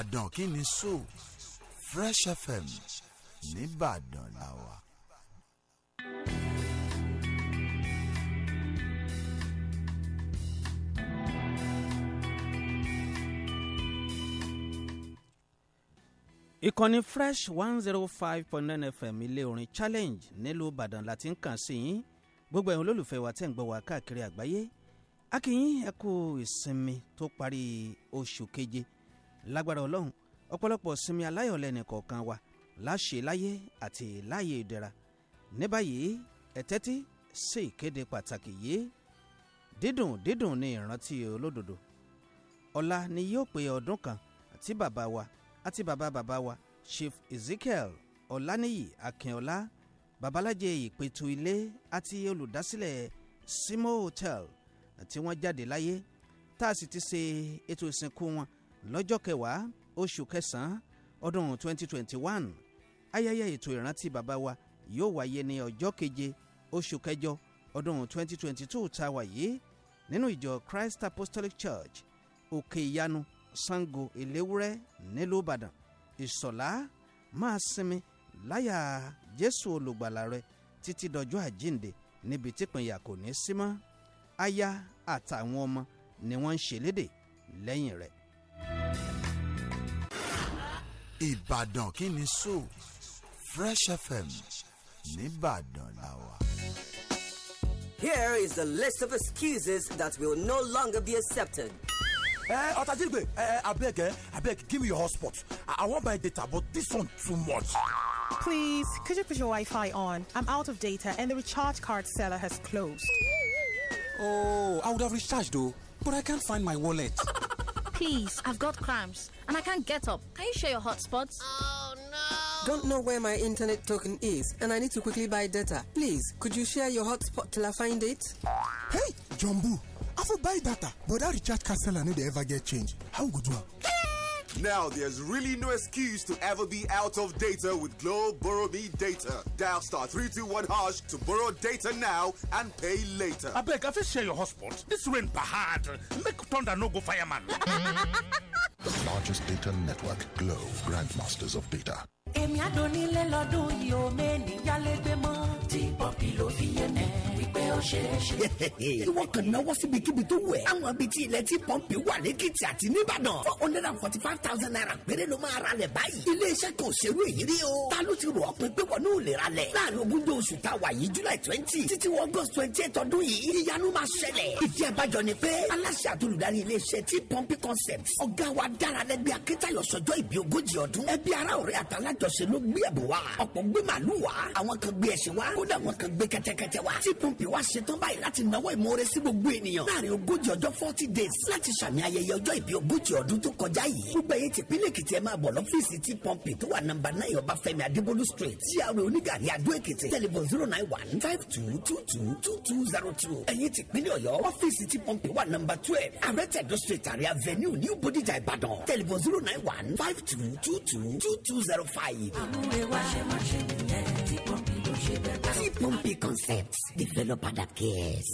ìbàdàn kí ni so fresh fm nìbàdàn la wà. ìkànnì fresh one zero oh five point nine fm ilé orin challenge nílùú ìbàdàn láti ń kàn sí yín gbogbo ẹ̀yin olólùfẹ́ wa tẹ̀ ń gbọ́ wa káàkiri àgbáyé a kí ìsinmi tó parí oṣù keje lágbára ọlọ́run ọ̀pọ̀lọpọ̀ sinmi aláyọ̀ lẹ́nì kọ̀ọ̀kan wa láṣẹ láyé àti láyé ìdẹ̀ra ní báyìí ẹ tẹ́tí sí ìkéde pàtàkì yìí dídùn dídùn ní ìrántí olódodo ọ̀la ni yóò pé ọdún kan tí bàbá wa àti bàbá bàbá wa Chief Ezekiel Ọláníyì Akínọlá babalájẹ ìpẹ̀tù ilé àti olùdásílẹ̀ Simo Hotel tí wọ́n jáde láyé tá a sì ti ṣe ètò ìsìnkú wọn lọ́jọ́ kẹwàá oṣù kẹsàn-án ọdún 2021 ayẹyẹ ètò ìrántí bàbá wa yóò wáyé ní ọjọ́ keje oṣù kẹjọ ọdún 2022 tá a wà yìí nínú ìjọ Christ Apostolic Church òkè ìyanu Sango Eléwúrẹ́ nílùú Ìbàdàn ìsọ̀lá máa sinmi láyà Jésù olùgbàlà rẹ títí dọjọ́ àjíǹde níbi típínyà kò ní sí mọ́ aya àtàwọn ọmọ ni wọ́n ń ṣẹlẹ́dẹ̀ lẹ́yìn rẹ̀ Ìbàdàn kí ni so Fresh FM nìbàdàn Here is a list of excuses that will no longer be accepted. Eh, Otajigbe, eh, eh, abeg, eh, abeg, give me your hotspot. I, I want my data, but this one too much. Please, could you put your Wi-Fi on? I'm out of data and the recharge card seller has closed. Oh, I would have recharged though, but I can't find my wallet. Please, I've got cramps and I can't get up. Can you share your hotspots? Oh no! Don't know where my internet token is and I need to quickly buy data. Please, could you share your hotspot till I find it? Hey, Jumbo, I to buy data, but that recharge card seller need ever get change. How good one? Now there's really no excuse to ever be out of data with Glow Borrow Me Data. Dial star 321 hash to borrow data now and pay later. I beg, I you share your hotspot. This rain bahad. Make thunder no go fireman. the largest data network, Glow, grandmasters of data. èmi àdónílé lọ́dún ò mọ́. tí ó ṣeé ṣe. ìwọ kan náwó síbikíbi tó wẹ̀. àwọn ibi tí ilẹ̀ tí pọ́ǹpì wà lẹ́kìtì àti nìbàdàn. four hundred and forty five thousand naira péré ló máa ra lẹ̀ báyìí. iléeṣẹ́ kan ò ṣerú èyí rí o. ta ló ti rò ọ́ pé pé wọ́n náà lè ra lẹ̀. láàrin ogúnjọ́ oṣù tá a wà yìí july twenty títí wọ august twenty eight ọdún yìí ìyanu máa ṣẹlẹ̀. ìdí abájọ ni pé aláṣẹ àtolùdarí iléeṣẹ́ tí pọ́ǹpì concept ọ̀gá wa dára lẹ́gbẹ́ akíntayọ̀ sọjọ́ ìbí ogójì ọdún. ẹbí ara ọ̀rẹ́ àtàlájọṣe ló gbé ẹ̀bùn wa. ọ̀pọ̀ gbé màálù wa. àwọn kan gbé ẹṣin wa. kódà wọn kan gbé kẹ́tẹ́kẹ́tẹ́ wa. tí pọ́ǹpì wá ṣetán báyìí láti náwó ìmoore sí gbogbo ènìyàn láàrin ogójì ọjọ́ forty days láti ṣàmì ayẹyẹ ọjọ́ ìbí ogójì ọdún tó kọjá yìí gbogbo ẹyẹ tìpínlẹ̀ èkìtì ẹ máa bọ̀ lọ́fíìsì tí pọ́ǹpì tó wà nọ́mbà náà ọbáfẹ́mi adébólú straight gr onígàrí adó èkìtì tẹlifon zero nine one five two two two two two zero two ẹyẹ tìpínlẹ̀ ọ̀yọ́ ọ́fíìsì tí pọ́ǹpì wà nọ́mbà twelve arẹ́tẹ̀dọ́ straight àrí avenue new bodijà ìbàdàn tẹlifon zero nine one five two two two two zero five. Fancy Pumpy Concepts, developer that cares.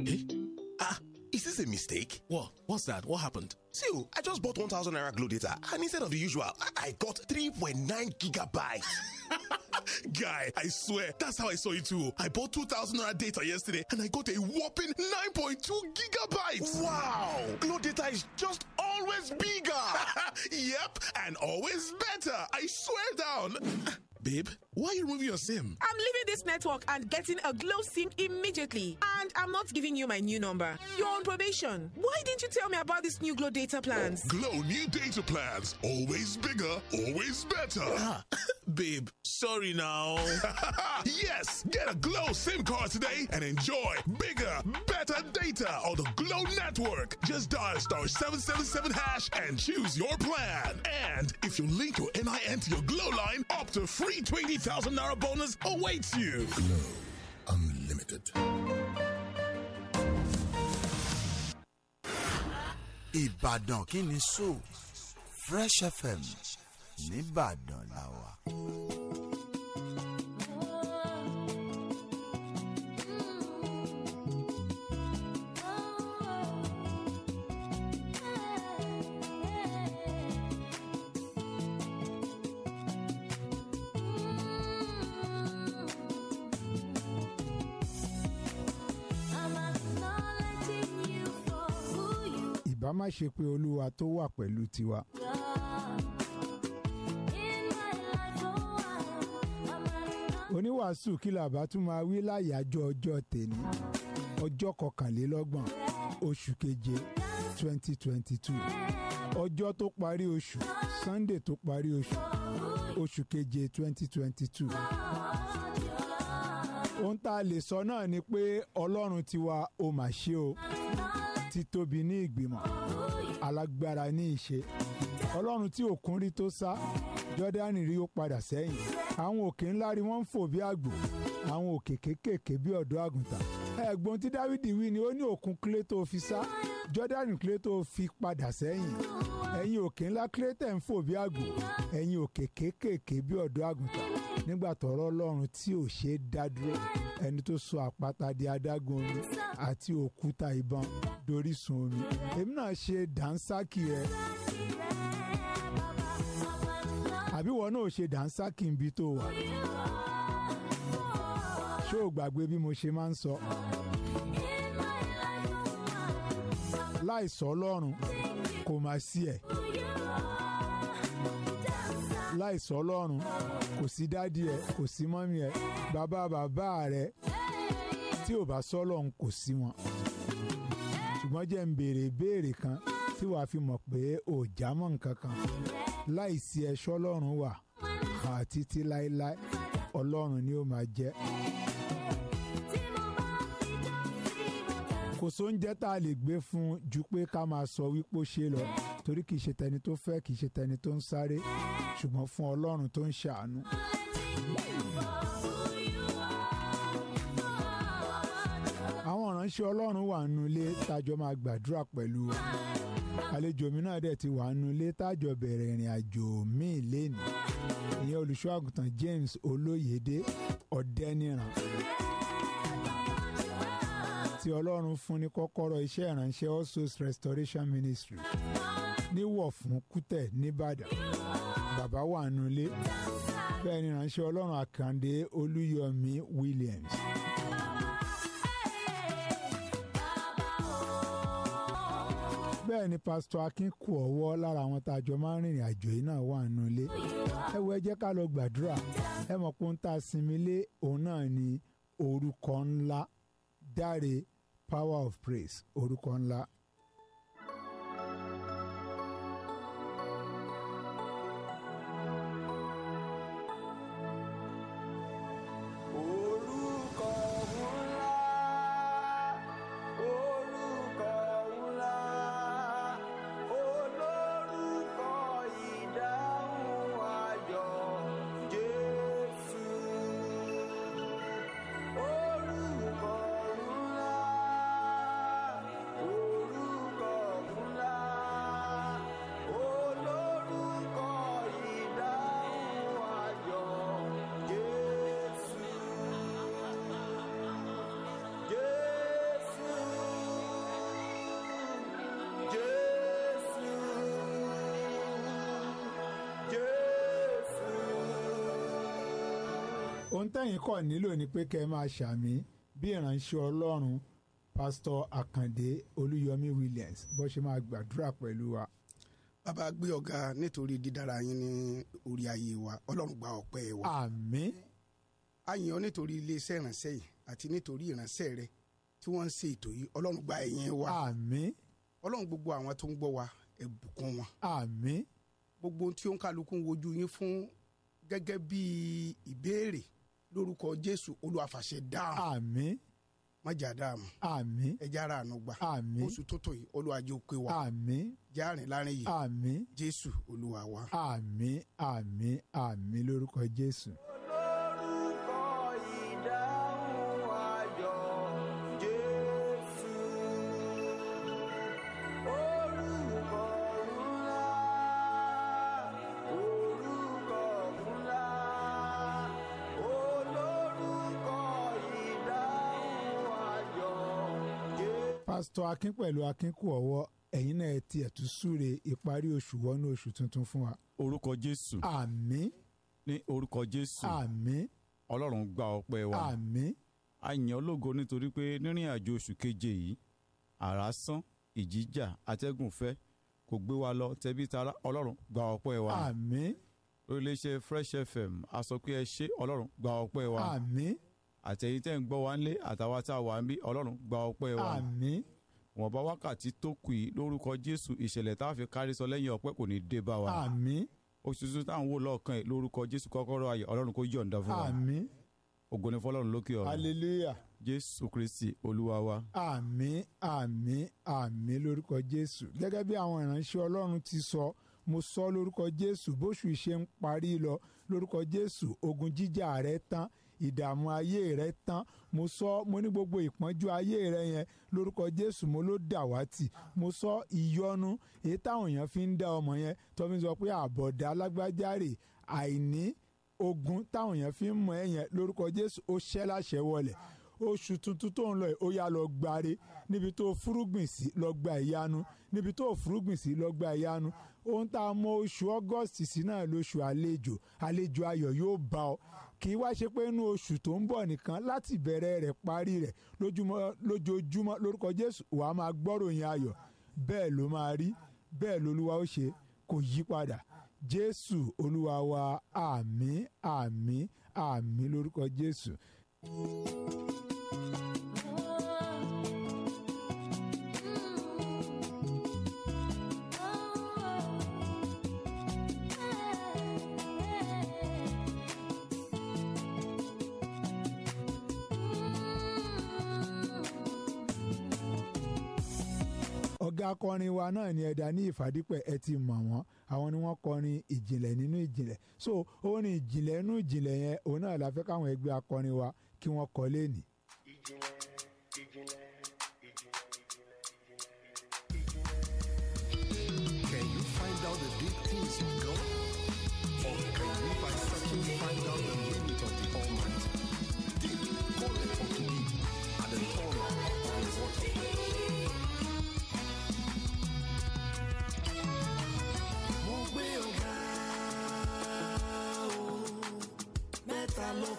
Hey? Eh? Ah, is this a mistake? What? What's that? What happened? See, I just bought 1000 Naira Glow data, and instead of the usual, I, I got 3.9 gigabytes. Guy, I swear, that's how I saw you too. I bought 2,000 Naira data yesterday and I got a whopping 9.2 gigabytes. Wow! Glow data is just always bigger. yep, and always better. I swear down. Babe, why are you removing your SIM? I'm leaving this network and getting a Glow SIM immediately. And I'm not giving you my new number. You're on probation. Why didn't you tell me about this new Glow data plans? Glow new data plans. Always bigger, always better. Ah, babe, sorry now. yes, get a Glow SIM card today and enjoy bigger, better data on the Glow network. Just dial star 777 hash and choose your plan. And if you link your NIN to your Glow line, up to free free 20000 naira bonus awaits you. Glow Unlimited. Ìbàdàn kí so Fresh FM nìbàdàn làwà. ìbá má ṣe pé olúwa tó wà pẹ̀lú tiwa. oníwàásù kí làbá tún máa wí láyàájọ́ ọjọ́ tèmi ọjọ́ kọkànlélọ́gbọ̀n oṣù keje twenty twenty two ọjọ́ tó parí oṣù sunday tó parí oṣù oṣù keje twenty twenty two ohun tá a lè sọ náà ni pé ọlọ́run tiwa ó mà ṣe o ti tóbi ní ìgbìmọ̀ alágbára ní ìṣe ọlọ́run tí òkun rí tó sá jọ́dánì rí ó padà sẹ́yìn àwọn òkè ńlá rí wọ́n ń fò bí àgbò àwọn òkè kéékèèké bí ọ̀dọ́ àgùntàn ẹ̀gbọ́n tí Dáwídì wí ni ó ní òkun kílé tó fi sá Jọ́dánì kílé tó fi padà sẹ́yìn ẹ̀yin òkè ńlá kílé tẹ̀ ń fò bí àgbò ẹ̀yin òkè kéékèèké bí ọ̀dọ́ àgùntàn nígbà tọ̀rọ̀ Ọlọ́run tí ò ṣe é dá ẹni tó sọ àpáta di adágún omi àti òkúta ìbọn dorísun omi èmi náà ṣe dànsákì rẹ àbí wọn náà ṣe dànsákì níbi tó wà ṣó o gbàgbé bí mo ṣe máa ń sọ láìsọ ọlọ́run kò máa sí ẹ̀ láìsọ ọlọ́run kò sí dádì ẹ̀ kò sí mọ́mí ẹ̀ bàbá bàbá rẹ̀ tí ò bá sọ́lọ́run kò sí wọn ṣùgbọ́n jẹ́ ń béèrè ìbéèrè kan tí wàá fi mọ̀ pé ò já mọ́ nǹkan kan láìsí ẹ̀ṣọ́ ọlọ́run wà àti ti láéláé ọlọ́run ni ó máa jẹ́. kò sóúnjẹ tá a lè gbé fún ju pé ká máa sọ wípé ó ṣe lọ torí kì í ṣe tẹni tó fẹ́ kì í ṣe tẹni tó ń sáré ṣùgbọ́n fún ọlọ́run tó ń ṣàánú. àwọn ìránṣẹ́ ọlọ́run wà nínú ilé tájọ máa gbàdúrà pẹ̀lú wa àlejò mi náà dẹ̀ ti wà nínú ilé tájọ bẹ̀rẹ̀ ìrìn àjò míì lénìí ìyẹn olùṣọ́ James Olóyèdé Ọ̀dẹ́niran tí ọlọ́run fún ní kọ́kọ́rọ́ iṣẹ́ ìránṣẹ́ All Souls Restoration Ministry ní Ìwọ̀fún Kútẹ̀ nìbàdàn bàbá wà nulẹ̀ bẹ́ẹ̀ ni ìránṣẹ́ ọlọ́run Àkàndé Olúyọmí Williams. bẹ́ẹ̀ ni pásítọ̀ Akin kù ọwọ́ lára àwọn tá a jọ máa ń rìnrìn àjò yìí náà wà nulẹ̀ ẹ wo ẹ ká lọ gbàdúrà ẹ mọ̀ pé ń ta sinmi lé òun náà ni orúkọ ńlá dáre power of praise orúkọ ńlá kọ̀ nílò ni pé kẹ́ ẹ máa ṣàmì bí ìránṣẹ́ ọlọ́run pásítọ̀ àkàndé olúyọmí williams bó ṣe máa gbàdúrà pẹ̀lú wa. bàbá gbé ọ̀gá nítorí dídára yín ní orí ayé wa ọlọ́run gba ọpẹ́ wa. àmín. a yìn ọ́ nítorí iléeṣẹ́ ìránṣẹ́ yìí àti nítorí ìránṣẹ́ rẹ tí wọ́n ń ṣe ètò yìí ọlọ́run gba ẹ̀yìn wa. àmín. ọlọ́run gbogbo àwọn tó ń gbọ́ wa ẹ bùkún wọn. àmín. gbogbo ohun tí ó ń kálukú wojú yín fún gẹ́gẹ́ bíi ìbéèrè lórúkọ jésù olùwàfàṣẹ dáhùn. àmín. májà dáhùn. àmín. ẹja ara àánú gbà. àmín. oṣù tó tó yìí olùwàjẹ òkè wa. àmín. jáàrin láàrin yìí. àmín. jésù olúwa wa. àmín àmín àmín lórúkọ jésù. pásítọ̀ akínpẹ̀lú akínkù ọ̀wọ́ ẹ̀yin náà ti ẹ̀tú súre ìparí oṣù wọnú oṣù tuntun fún wa. orúkọ jésù. àmín. ní orúkọ jésù. àmín. ọlọ́run gba ọpẹ́ wa. àmín. a yìn ológo nítorí pé nírìn àjò oṣù keje yìí àrá sán ìjìjà atẹ́gùn fẹ́ kò gbé wa lọ tẹbí tara ọlọ́run gba ọpẹ́ wa. àmín. oríléeṣẹ́ fresh fm a sọ pé ẹ ṣé ọlọ́run gba ọpẹ́ wa. àmín. àtẹ̀yìntẹ́ ń gbọ́ wa ńlé àtàwọn tá a ń bí ọlọ́run gba ọpẹ́ wa. àmín wọ́n bá wákàtí tó kù yìí lórúkọ jésù ìṣẹ̀lẹ̀ tá a fi kárí sọ lẹ́yìn ọpẹ́ kò ní dé bá wa. àmín. oṣù tuntun tá à ń wò lọ́ọ̀kan yìí lórúkọ jésù kọ́kọ́rọ́ ayọ̀ ọlọ́run kó yọ̀ǹda fún wa. àmín. ògo ni fọlọ́run lókè ọ̀run. hallelujah. jésù kristi olúwa wa. àmín àmín àmín lórúkọ jésù gẹ́gẹ́ bí àwọn ìránṣẹ́ ọlọ́run ti sọ mo sọ lórúkọ jésù bóṣù ìṣe ń parí lọ lórúkọ jésù ogun jíjà rẹ tán ìdààmú ayé rẹ tán mo sọ mo ní gbogbo ìpọ́njú ayé rẹ yẹn lórúkọ Jésù mo ló dàwátì mo sọ ìyọnu èyí táwọn èèyàn fi ń dá ọmọ yẹn tó fi sọ pé àbọ̀dá lágbájáre àìní ogun táwọn èèyàn fi ń mọ ẹ yẹn lórúkọ Jésù ó ṣẹ́ láṣẹ wọlé oṣù tuntun tó ń lọ yìí ó yá lọ gbáre níbi tó fúrúgbìn sí lọ gba ìyanu níbi tó fúrúgbìn sí lọ gba ìyanu ohun tá a mọ oṣù August sí náà lóṣù àlejò àlejò ayọ̀ yóò bá ọ kì í wá ṣe pé inú oṣù tó ń bọ̀ nìkan láti bẹ̀rẹ̀ rẹ̀ parí rẹ̀ lójoojúmọ́ lórúkọ Jésù wàá máa gbọ́ròyìn ayọ̀ bẹ́ẹ̀ ló máa rí bẹ́ẹ̀ lolúwa ó ṣe kò yí padà Jésù olúwa wa àmín àmín àmín lórúkọ Jésù. ọ̀gá akọrin wa náà ni ẹ̀dá ní ìfàdípẹ̀ ẹ ti mọ̀ wọ́n àwọn ni wọ́n kọrin ìjìnlẹ̀ nínú ìjìnlẹ̀ so orin ìjìnlẹ̀ nínú ìjìnlẹ̀ yẹn òun náà la fẹ́ káwọn ẹgbẹ́ akọrin wa kí wọ́n kọ léènì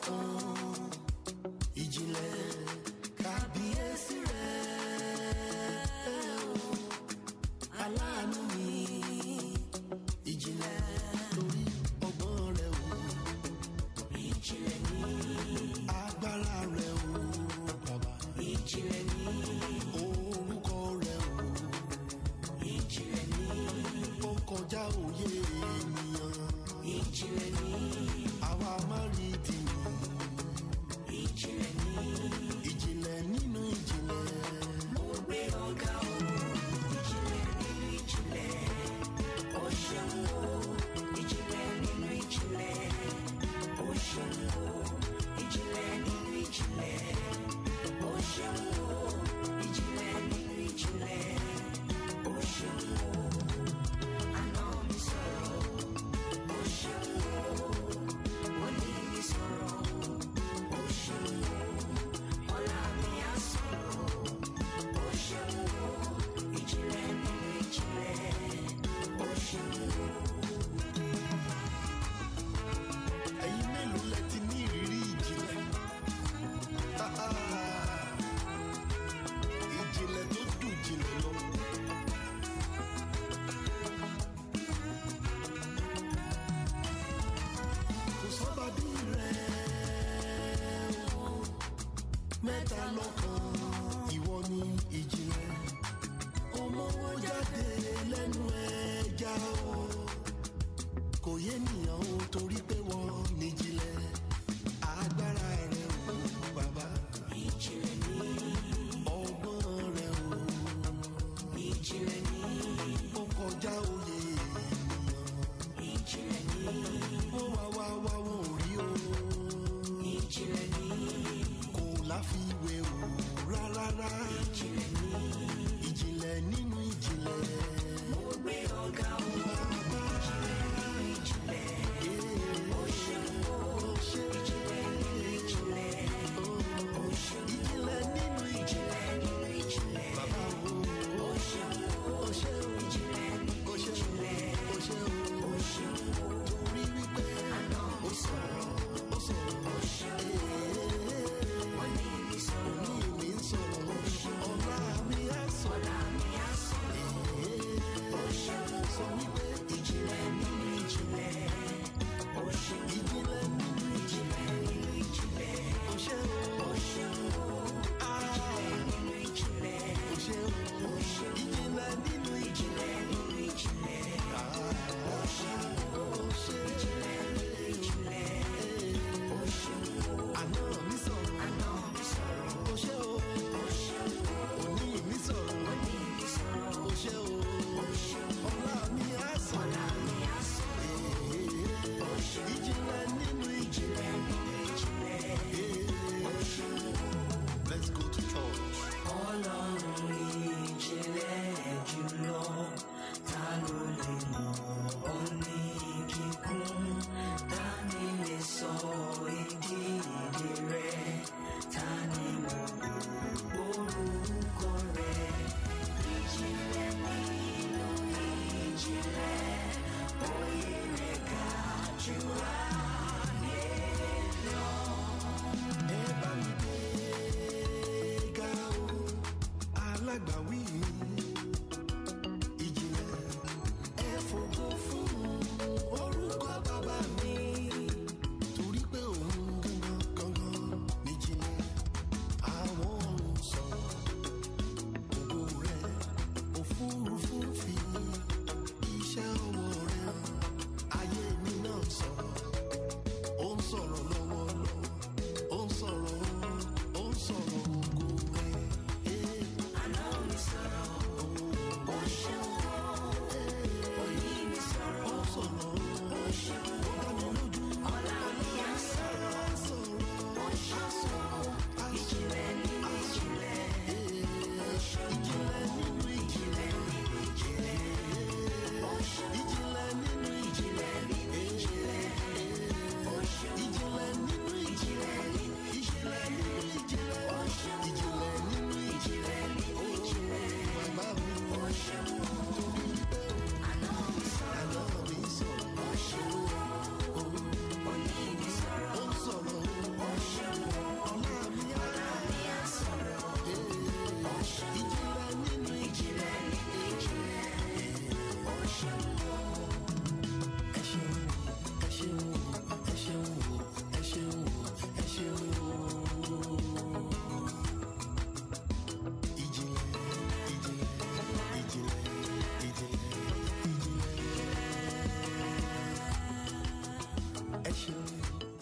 Oh. métalo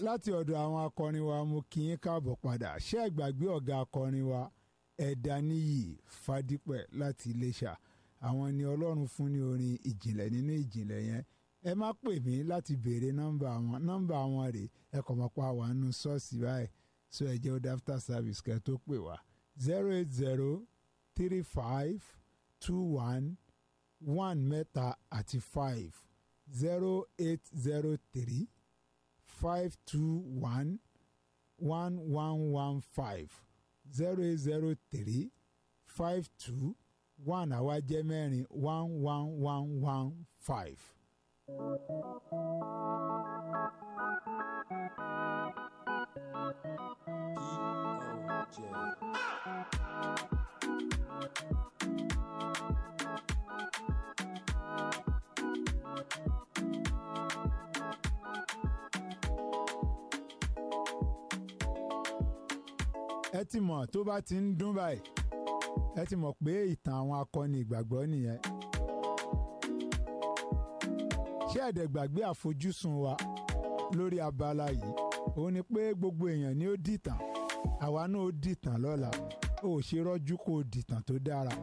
láti ọ̀dọ̀ àwọn akọrin wa mo kì í káàbọ̀ padà ṣé ẹ gbàgbé ọ̀gá akọrin wa ẹ̀dá níyì fadípẹ̀ láti Iléṣà àwọn ni Ọlọ́run fún ní orin ìjìnlẹ̀ nínú ìjìnlẹ̀ yẹn ẹ má pè mí láti béèrè nọ́mbà àwọn nọ́mbà àwọn rè ẹ kàn mọ́ pa wà nù ṣọ́ọ̀ṣì báyìí so ẹ jẹ́ ó after service kẹ́ tó pè wá zero eight zero three five two one one mẹ́ta àti five zero eight zero three five two one one one one five zero eight zero three five two one àwa jẹ́ mẹ́rin one one one one five. p o ti mọ̀ tó bá ti ń dún báyìí ẹ ti mọ̀ pé ìtàn àwọn akọni ìgbàgbọ́ nìyẹn. ṣé ẹ̀dẹ̀ àfojúsùn wa lórí abala yìí òun ni pé gbogbo èèyàn ni ó dìtàn àwa náà ó dìtàn lọ́la ó ṣe rọ́jú kó dìtàn tó dára.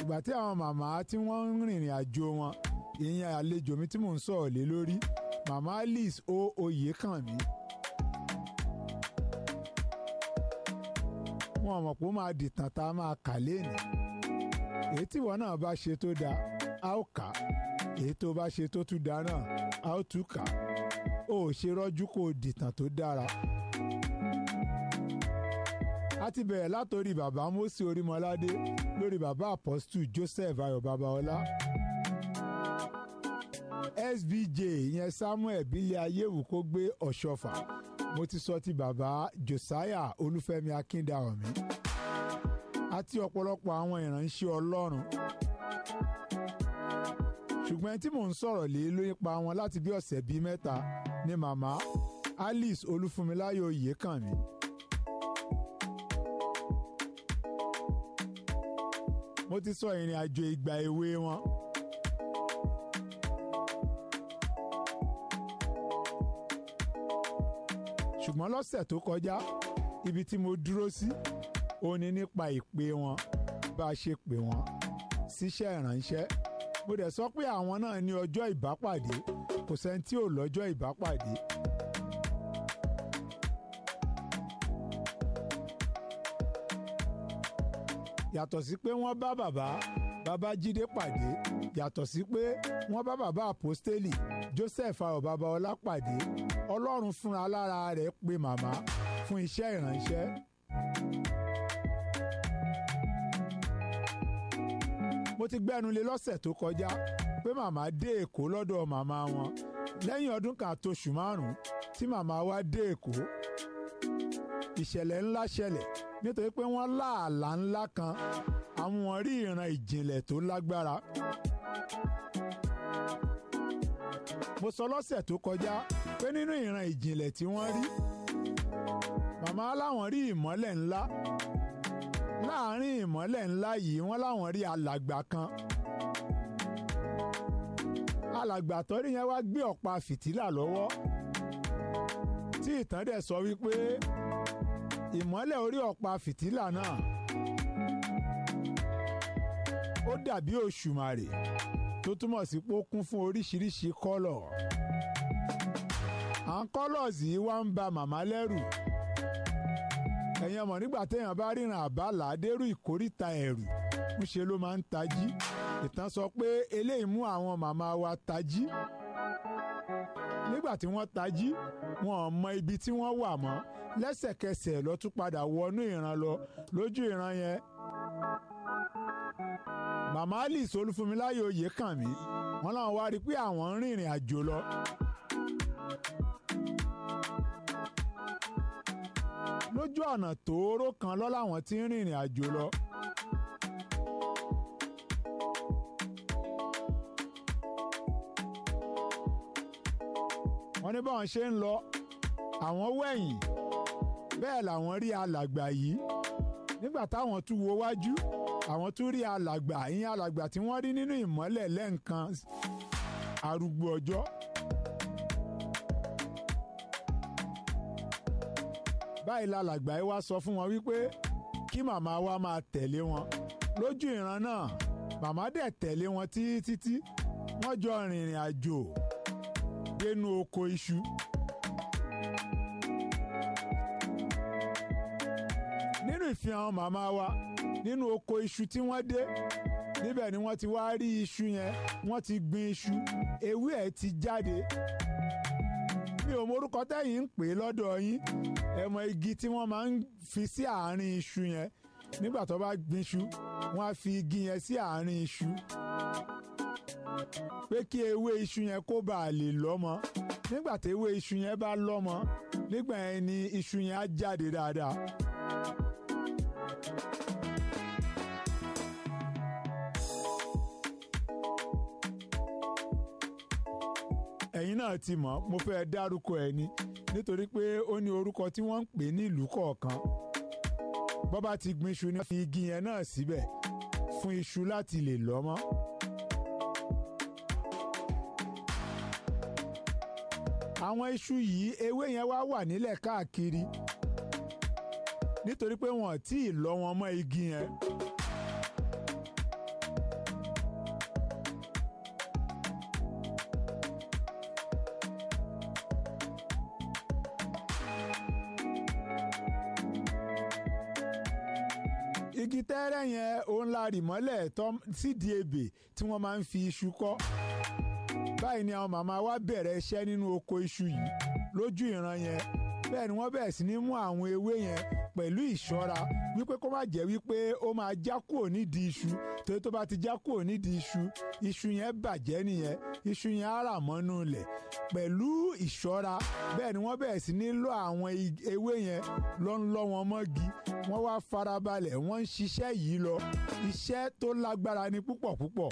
ìgbà tí àwọn màmá tí wọ́n ń rìnrìn àjò wọn ìyẹn àlejò mi tí mò ń sọ̀rọ̀ lé lórí màmá Alice ó oyè kàn mí wọn mọ̀ pé ó máa dìtàn tá a máa kà léèní èyí tí ìwọ náà bá ṣe tó dáa a ó kà á èyí tó bá ṣe tó tún dáa náà a ó tún kà ó ṣe rọ́jú kó dìtàn tó dára. a ti bẹ̀rẹ̀ látòrí bàbá Mósè Orímọládé lórí bàbá àpọ́sítù Joseph Ayọ̀ Babaọlá SBJ ìyẹn Samuel bílẹ̀ ayéwu kó gbé ọ̀ṣọ́fà mo ti sọ ti bàbá Josiah Olúfẹ́mi Akíndàọ̀mí àti ọ̀pọ̀lọpọ̀ àwọn ìránṣẹ́ Ọlọ́run ṣùgbọ́n tí mò ń sọ̀rọ̀ lé ló nípa wọn láti bí ọ̀sẹ̀ bíi mẹ́ta ni màmá Alice Olúfúnmiláyọ̀ Oyèkànmí. mo ti sọ ìrìn àjò ìgbà èwe wọn. ṣùgbọ́n lọ́sẹ̀ tó kọjá ibi tí mo dúró sí òun ni nípa ìpè wọn bá a ṣe pè wọ́n síṣẹ́ ìránṣẹ́ mo dẹ̀ sọ pé àwọn náà ní ọjọ́ ìbápàdé kò sẹ́ni tí ò lọ́jọ́ ìbápàdé. yàtọ̀ sí pé wọ́n bá bàbá babájídé pàdé yàtọ̀ sí pé wọ́n bá bàbá àpọ́stélì joseph ayọ̀ babaọlá pàdé ọlọ́run fúnra lára rẹ̀ pé màmá fún iṣẹ́ ìránṣẹ́. mo ti gbẹ́nulé lọ́sẹ̀ tó kọjá pé màmá dé èkó lọ́dọ̀ màmá wọn lẹ́yìn ọdún kan àtòṣù márùn-ún tí màmá wa dé èkó ìṣẹ̀lẹ̀ ńlá ṣẹlẹ̀ nítorí pé wọ́n lá ńlá kan àwọn rí ìran ìjìnlẹ̀ tó lágbára. mo sọ lọ́sẹ̀ tó kọjá pé nínú ìran ìjìnlẹ̀ tí wọ́n rí màmá aláwọn rí ìmọ́lẹ̀ ńlá láàárín ìmọ́lẹ̀ ńlá yìí wọ́n láwọn rí alàgbà kan alàgbà tọ́rí yẹn wá gbé ọ̀pá fìtílà lọ́wọ́ tí ìtàn dẹ̀ sọ wípé ìmọ́lẹ̀ orí ọ̀pá fìtílà náà ó dàbí òṣùmàrè tó túmọ̀ sí pé ó kún fún oríṣiríṣi kọ́lọ̀ à ń kọ́lọ̀ sí wá ń ba màmá lẹ́rù ẹ̀yin ọmọ nígbà téèyàn bá ríran àbálà dérú ìkórìtà ẹ̀rù ńṣe ló máa ń tají ìtàn sọ pé eléyìí mú àwọn màmá wa tají nígbà tí wọ́n tají wọn ò mọ ibi tí wọ́n wà mọ́ lẹ́sẹ̀kẹsẹ̀ ló tún padà wọnú ìran lọ lójú ìran yẹn màmá alice olúfúnmiláyò oyèkànmí wọn làwọn wá rí i pé àwọn ń rìnrìn àjò lọ. lójú ọ̀nà tóóró kan lọ làwọn tí ń rìnrìn àjò lọ. wọ́n ní báwọn ṣe ń lọ àwọn wẹ̀yìn bẹ́ẹ̀ làwọn rí alàgbà yìí nígbà táwọn tún wo wájú àwọn tún rí alàgbà ìyẹn alàgbà tí wọ́n rí nínú ìmọ́lẹ̀ lẹ́ǹkan arúgbó ọjọ́. báyìí lálàgbà yìí wá sọ fún wọn wípé kí màmá wa máa tẹ̀lé wọn lójú ìran náà màmá dẹ̀ tẹ̀lé wọn títí títí wọ́n jọ rìnrìn àjò dénú oko iṣu. rìnfin àwọn màmá wa nínú oko iṣu tí wọ́n dé níbẹ̀ ni wọ́n ti wá rí iṣu yẹn wọ́n ti gbin iṣu ewé ẹ̀ ti jáde mi ò morúkọ tẹ́yìn ń pè é lọ́dọ̀ yín ẹ mọ igi tí wọ́n máa ń fi sí àárín iṣu yẹn nígbà tó bá gbin iṣu wọ́n á fi igi yẹn sí àárín iṣu pé kí ewé iṣu yẹn kó bàa lè lọ́mọ nígbà tí ewé iṣu yẹn bá lọ́mọ nígbà yẹn ni iṣu yẹn á jáde dáadáa. náà ti mọ̀ mo fẹ́ dárúkọ ẹ ni nítorí pé ó ní orúkọ tí wọ́n ń pè ní ìlú kọ̀ọ̀kan bọ́bá ti gbin iṣu ni wọ́n fi igi yẹn náà síbẹ̀ fún iṣu láti lè lọ́ mọ́. àwọn iṣu yìí ewé yẹn wá wà nílẹ̀ káàkiri nítorí pé wọn ò tí ì lọ́ wọn mọ́ igi yẹn. àrìmọ́lẹ̀ sídìí ebè tí wọ́n máa ń fi iṣu kọ́ báyìí ni àwọn màmá wa bẹ̀rẹ̀ iṣẹ́ nínú oko iṣu yìí lójú ìran yẹn bẹ́ẹ̀ ni wọ́n bẹ̀rẹ̀ sí ní mú àwọn ewé yẹn pẹ̀lú ìṣọ́ra wípé kó má jẹ́ wípé ó máa já kúrò nídìí iṣu torí tó bá ti já kúrò nídìí iṣu iṣu yẹn bàjẹ́ nìyẹn iṣu yẹn á rà mọ́nú ilẹ̀ pẹ̀lú ìṣọ́ra bẹ́ẹ̀ ni wọ́n bẹ̀rẹ̀ sí ní lọ àwọn ewé yẹn ló ń lọ́ wọn mọ́gi wọ́n wá farabalẹ̀ wọ́n ń ṣiṣẹ́ yìí lọ iṣẹ́ tó lágbára ni púpọ̀ púpọ̀.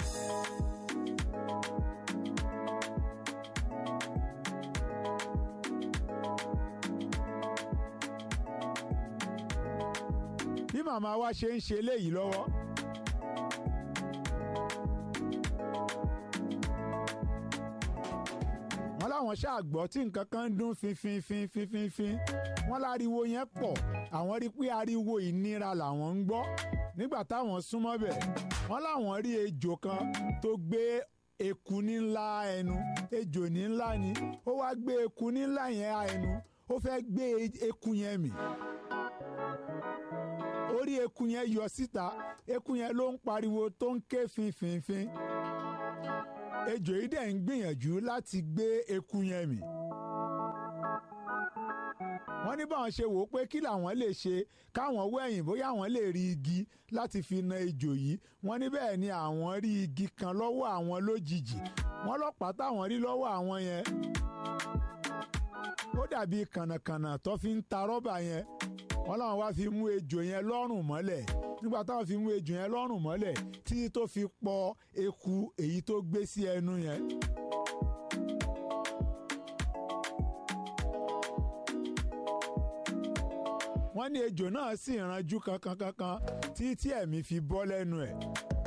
bí màmá wa ṣe ń ṣe léyìí lọ́wọ́. wọ́n láwọn ṣáà gbọ́ tí nǹkan kan ń dún fínfínfínfínfín wọ́n láriwo yẹn pọ̀ àwọn rí pé ariwo ìnira làwọn ń gbọ́ nígbà táwọn súnmọ́ bẹ̀ wọ́n láwọn rí ejò kan tó gbé eku ní ńlá ẹnu ejò ní ńlá ni ó wá gbé eku ní ńlá yẹn ẹnu ó fẹ́ gbé eku yẹn mì orí eku yẹn yọ síta eku yẹn ló ń pariwo tó ń ké finfinfin ejò yìí dẹ̀ ń gbìyànjú láti gbé eku yẹn mì wọ́n ní báwọn ṣe wò ó pé kí làwọn lè ṣe káwọn wẹ̀yìn bóyá àwọn lè rí igi láti fi na ejò yìí wọ́n ní bẹ́ẹ̀ ni àwọn rí igi kan lọ́wọ́ àwọn lójijì wọ́n lọ́pàá táwọn rí lọ́wọ́ àwọn yẹn ó dàbí kànàkànà tó fi ń ta rọ́bà yẹn wọ́n láwọn wá fi mú ejò yẹn lọ́rùn mọ́lẹ̀ nígbà táwọn fi mú ejò yẹn lọ́rùn mọ́lẹ̀ títí tó fi pọ eku èyí tó gbé sí ẹnu yẹn. wọ́n ní ejò náà sì ranjú kankankankan títí ẹ̀mí fi bọ́ lẹ́nu ẹ̀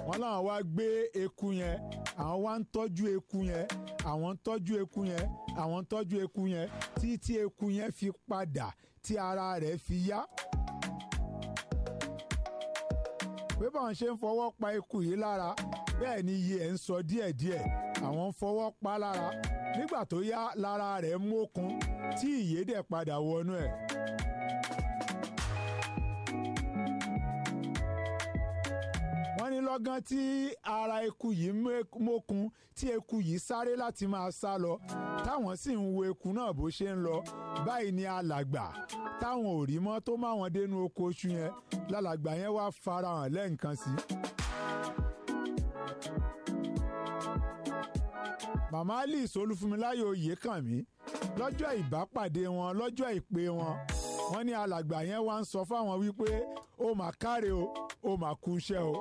wọ́n láwọn wá gbé eku yẹn àwọn wá ń tọ́jú eku yẹn àwọn ń tọ́jú eku yẹn àwọn ń tọ́jú eku yẹn títí eku yẹn fi padà tí ara rẹ̀ fi yá. pé báwọn ṣe ń fọwọ́ pa ikú yìí lára bẹ́ẹ̀ ni iye ẹ̀ ń sọ díẹ̀díẹ̀ àwọn fọwọ́ pa lára nígbà tó yá lára rẹ̀ mókun tí ìyé dẹ̀ padà wọnú ẹ̀. ọgán tí ara eku yìí mókun tí eku yìí sáré láti máa sá lọ táwọn sì ń wo eku náà bó ṣe ń lọ báyìí ni alàgbà táwọn ò rí mọ́ tó máwọn dénú oko oṣù yẹn lálàgbà yẹn wá farahàn lẹ́ǹkan sí i. màmá alice olúfúnmiláyò oyèkànmí lọ́jọ́ ìbápàdé wọn lọ́jọ́ ìpè wọn wọ́n ní alàgbà yẹn wá ń sọ fáwọn wípé ó mà káre o ó mà kúṣẹ́ o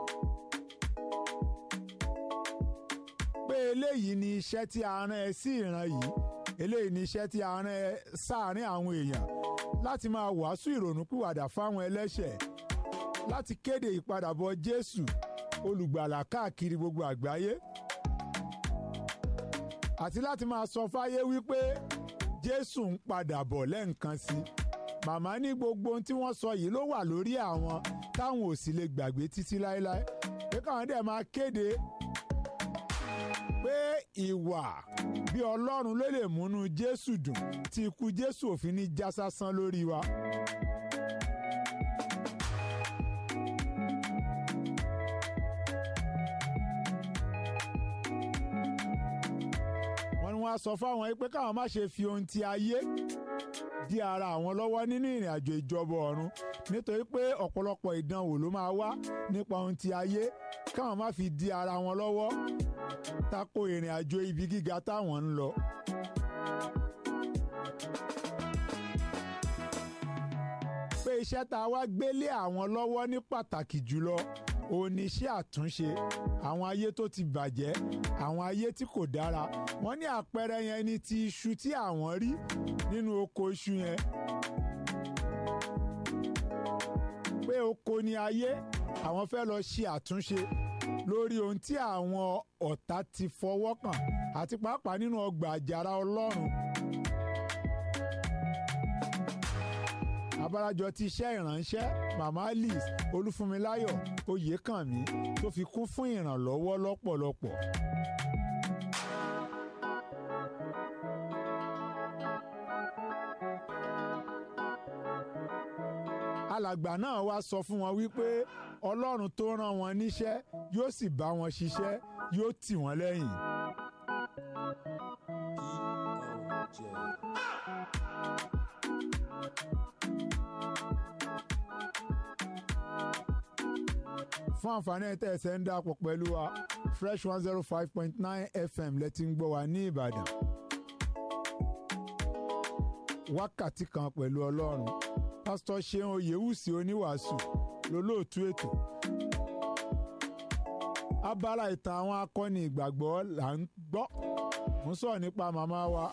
eléyìí ni iṣẹ́ tí a rán ẹ sí ìran yìí eléyìí ni iṣẹ́ tí a rán ẹ sáàárín àwọn èèyàn láti máa wàásù ìrònúpìwàdà fáwọn ẹlẹ́ṣẹ̀ láti kéde ìpadàbọ̀ Jésù olùgbàlà káàkiri gbogbo àgbáyé àti láti máa sọ fáyé wípé Jésù ń padà bọ̀ lẹ́ǹkan sí màmá ní gbogbo ohun tí wọ́n sọ yìí ló wà lórí àwọn táwọn ò sì lè gbàgbé títí láéláé pé káwọn dẹ̀ máa kéde pé ìwà bí ọlọ́run ló lè múnú jésù dùn tí ikú jésù òfin ní já sásán lórí wa. wọ́n ní wọ́n á sọ fáwọn pé káwọn má ṣe fi ohun ti ayé di ara àwọn lọ́wọ́ nínú ìrìn àjò ìjọba ọ̀run nítorí pé ọ̀pọ̀lọpọ̀ ìdánwò ló máa wá nípa ohun ti ayé káwọn má fi di ara wọn lọ́wọ́ tako ìrìn àjò ibi gíga táwọn ń lọ. pé iṣẹ́ tá a wá gbélé àwọn lọ́wọ́ ní pàtàkì jùlọ òun iṣẹ́ àtúnṣe àwọn ayé tó ti bàjẹ́ àwọn ayé tí kò dára wọ́n ní àpẹẹrẹ yẹn ni ti iṣu tí àwọn rí nínú oko iṣu yẹn pé oko ni ayé àwọn fẹ́ lọ ṣe àtúnṣe lórí ohun tí àwọn ọ̀tá ti fọwọ́ kàn àti pàápàá nínú ọgbà àjàrà ọlọ́run. abarajọ ti iṣẹ́ ìránṣẹ́ mama alice olúfúnmiláyọ̀ oyèkànmí tó fi kún fún ìrànlọ́wọ́ lọ́pọ̀lọpọ̀. alàgbà náà wá sọ fún wọn wípé ọlọ́run tó rán wọn níṣẹ́ yóò sì bá wọn ṣiṣẹ́ yóò tì wọ́n lẹ́yìn. fún àǹfààní ẹ̀ tẹ̀sẹ̀ ń dàpọ̀ pẹ̀lú wa fresh one zero oh five point nine fm lẹ ti ń gbọ́ wa ní ìbàdàn wákàtí kan pẹ̀lú ọlọ́run pásítọ̀ ṣeun oyèwùsì oníwàásù lólóòtú ètò abala ìtàn àwọn akọni ìgbàgbọ́ là ń gbọ́ mo ń nípa màmá wa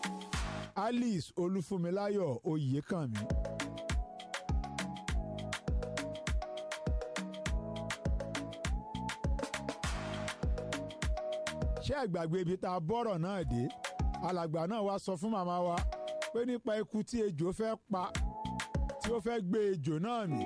alice olúfúnmiláyọ̀ oyèkànmí. ṣé ẹ gbàgbé ibi tá a bọ́rọ̀ náà dé alàgbà náà wá sọ fún màmá wa pé nípa ikú tí ejò fẹ́ pa tó fẹ́ gbé ejò náà mì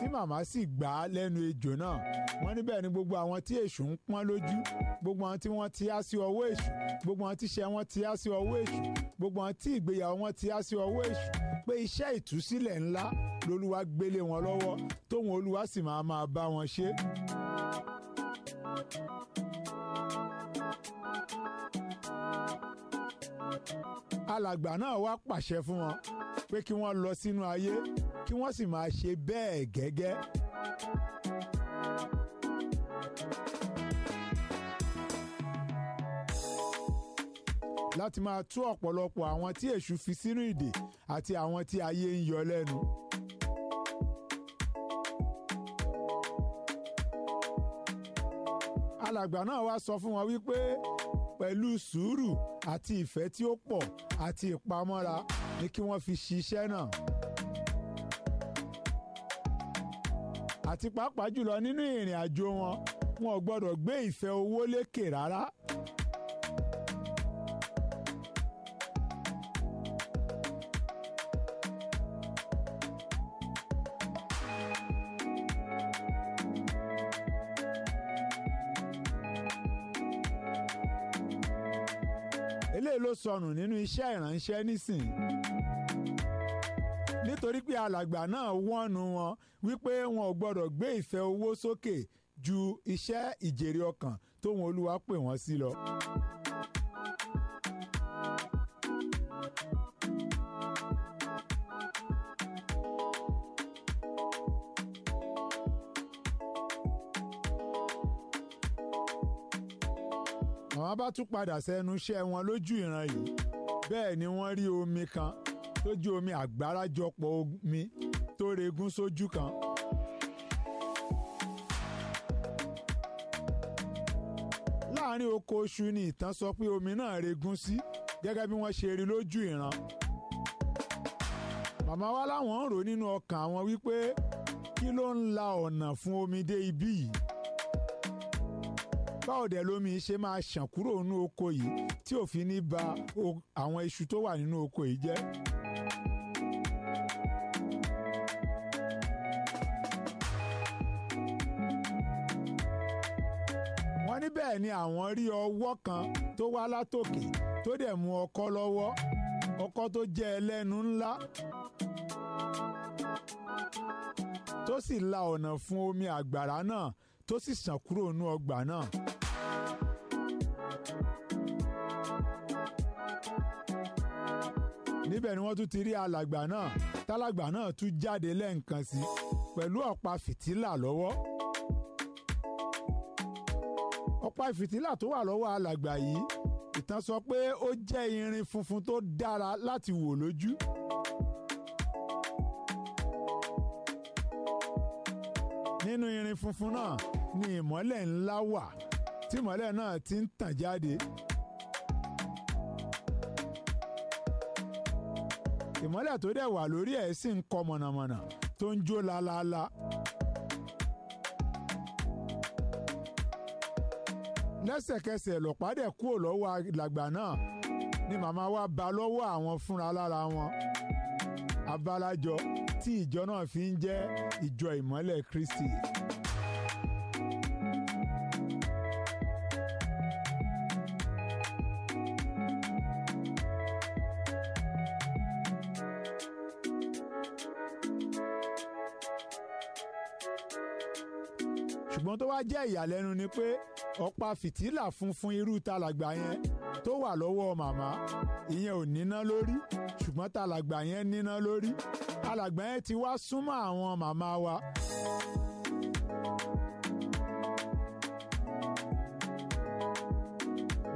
tí màmá sì gbà á lẹ́nu ejò náà wọ́n níbẹ̀ ni gbogbo àwọn tí èṣù ń pọ́n lójú gbogbo àwọn tí wọ́n ti á sí ọwọ́ èṣù gbogbo àwọn tíṣẹ́ wọn ti á sí ọwọ́ èṣù gbogbo àwọn tí ìgbéyàwó wọn ti á sí ọwọ́ èṣù pé iṣẹ́ ìtúsílẹ̀ ńlá lolúwa gbélé wọn lọ́wọ́ tóun olúwa sì máa máa bá wọn ṣe. thank you alàgbà náà wá pàṣẹ fún wọn pé kí wọ́n lọ sínú ayé kí wọ́n sì máa ṣe bẹ́ẹ̀ gẹ́gẹ́. láti máa tú ọ̀pọ̀lọpọ̀ àwọn tí èṣù fi sínú ìdè àti àwọn tí ayé ń yọ lẹ́nu. alàgbà náà wá sọ fún wọn wípé pẹ̀lú sùúrù àti ìfẹ́ tí ó pọ̀ àti ìpamọ́ra ni kí wọ́n fi ṣiṣẹ́ náà. àti pàápàá jùlọ nínú ìrìn àjò wọn wọn ò gbọ́dọ̀ gbé ìfẹ́ owó lékè rárá sọnù nínú iṣẹ́ ìránṣẹ́ nísìn nítorí pé alàgbà náà wọ́nu wọn wípé wọn ò gbọ́dọ̀ gbé ìfẹ́ owó sókè ju iṣẹ́ ìjèrè ọkàn tóun olúwa pè wọ́n sí lọ. bá tún padà sẹ́nu iṣẹ́ wọn lójú ìran yìí bẹ́ẹ̀ ni wọ́n rí omi kan tó jẹ́ omi àgbárajọpọ̀ omi tó regún sójú kan. láàárín oko oṣù ni ìtàn sọ pé omi náà regún sí gẹ́gẹ́ bí wọ́n ṣe rí lójú ìran. màmá wa láwọn ń rò nínú ọkàn àwọn wípé kí ló ń la ọ̀nà fún omi dé ibí yìí báwo dẹ̀ lómi ṣe máa ṣàn kúrò nínú oko yìí tí ò fi ní ba àwọn iṣu tó wà nínú oko yìí jẹ́. wọ́n ní bẹ́ẹ̀ ni àwọn rí ọwọ́ kan tó wá látòkè tó dẹ̀ mú ọkọ́ lọ́wọ́ ọkọ́ tó jẹ́ ẹlẹ́nu ńlá tó sì la ọ̀nà fún omi àgbàrá náà tó sì sàn kúrò nínú ọgbà náà. níbẹ̀ ni wọ́n tún ti rí alàgbà náà tálàgbà náà tún jáde lẹ́ǹkan sí pẹ̀lú ọ̀pá fìtílà lọ́wọ́. ọ̀pá fìtílà tó wà lọ́wọ́ alàgbà yìí ìtàn sọ pé ó jẹ́ irin funfun tó dára láti wò lójú. inú irin funfun náà ni ìmọ́lẹ̀ ńlá wà tí ìmọ́lẹ̀ náà ti ń tàn jáde. ìmọ́lẹ̀ tó dẹ̀ wà lórí ẹ̀ sì ń kọ mọ̀nàmọ̀nà tó ń jó lálaalá. lẹ́sẹ̀kẹsẹ̀ lọ̀pá kúrò lọ́wọ́ alàgbà náà ni màmá wa bá lọ́wọ́ àwọn fúnra lára wọn abalajọ tí ìjọ náà fi ń jẹ́ ìjọ ìmọ́lẹ̀ Kristi. ṣùgbọ́n tó wá jẹ́ ìyàlẹ́nu ni pé ọ̀pá fìtílà funfun irú talàgbà yẹn tó wà lọ́wọ́ màmá ìyẹn ò níná lórí ṣùgbọ́n talàgbà yẹn níná lórí alàgbà yẹn ti wá súnmọ́ àwọn màmá wa.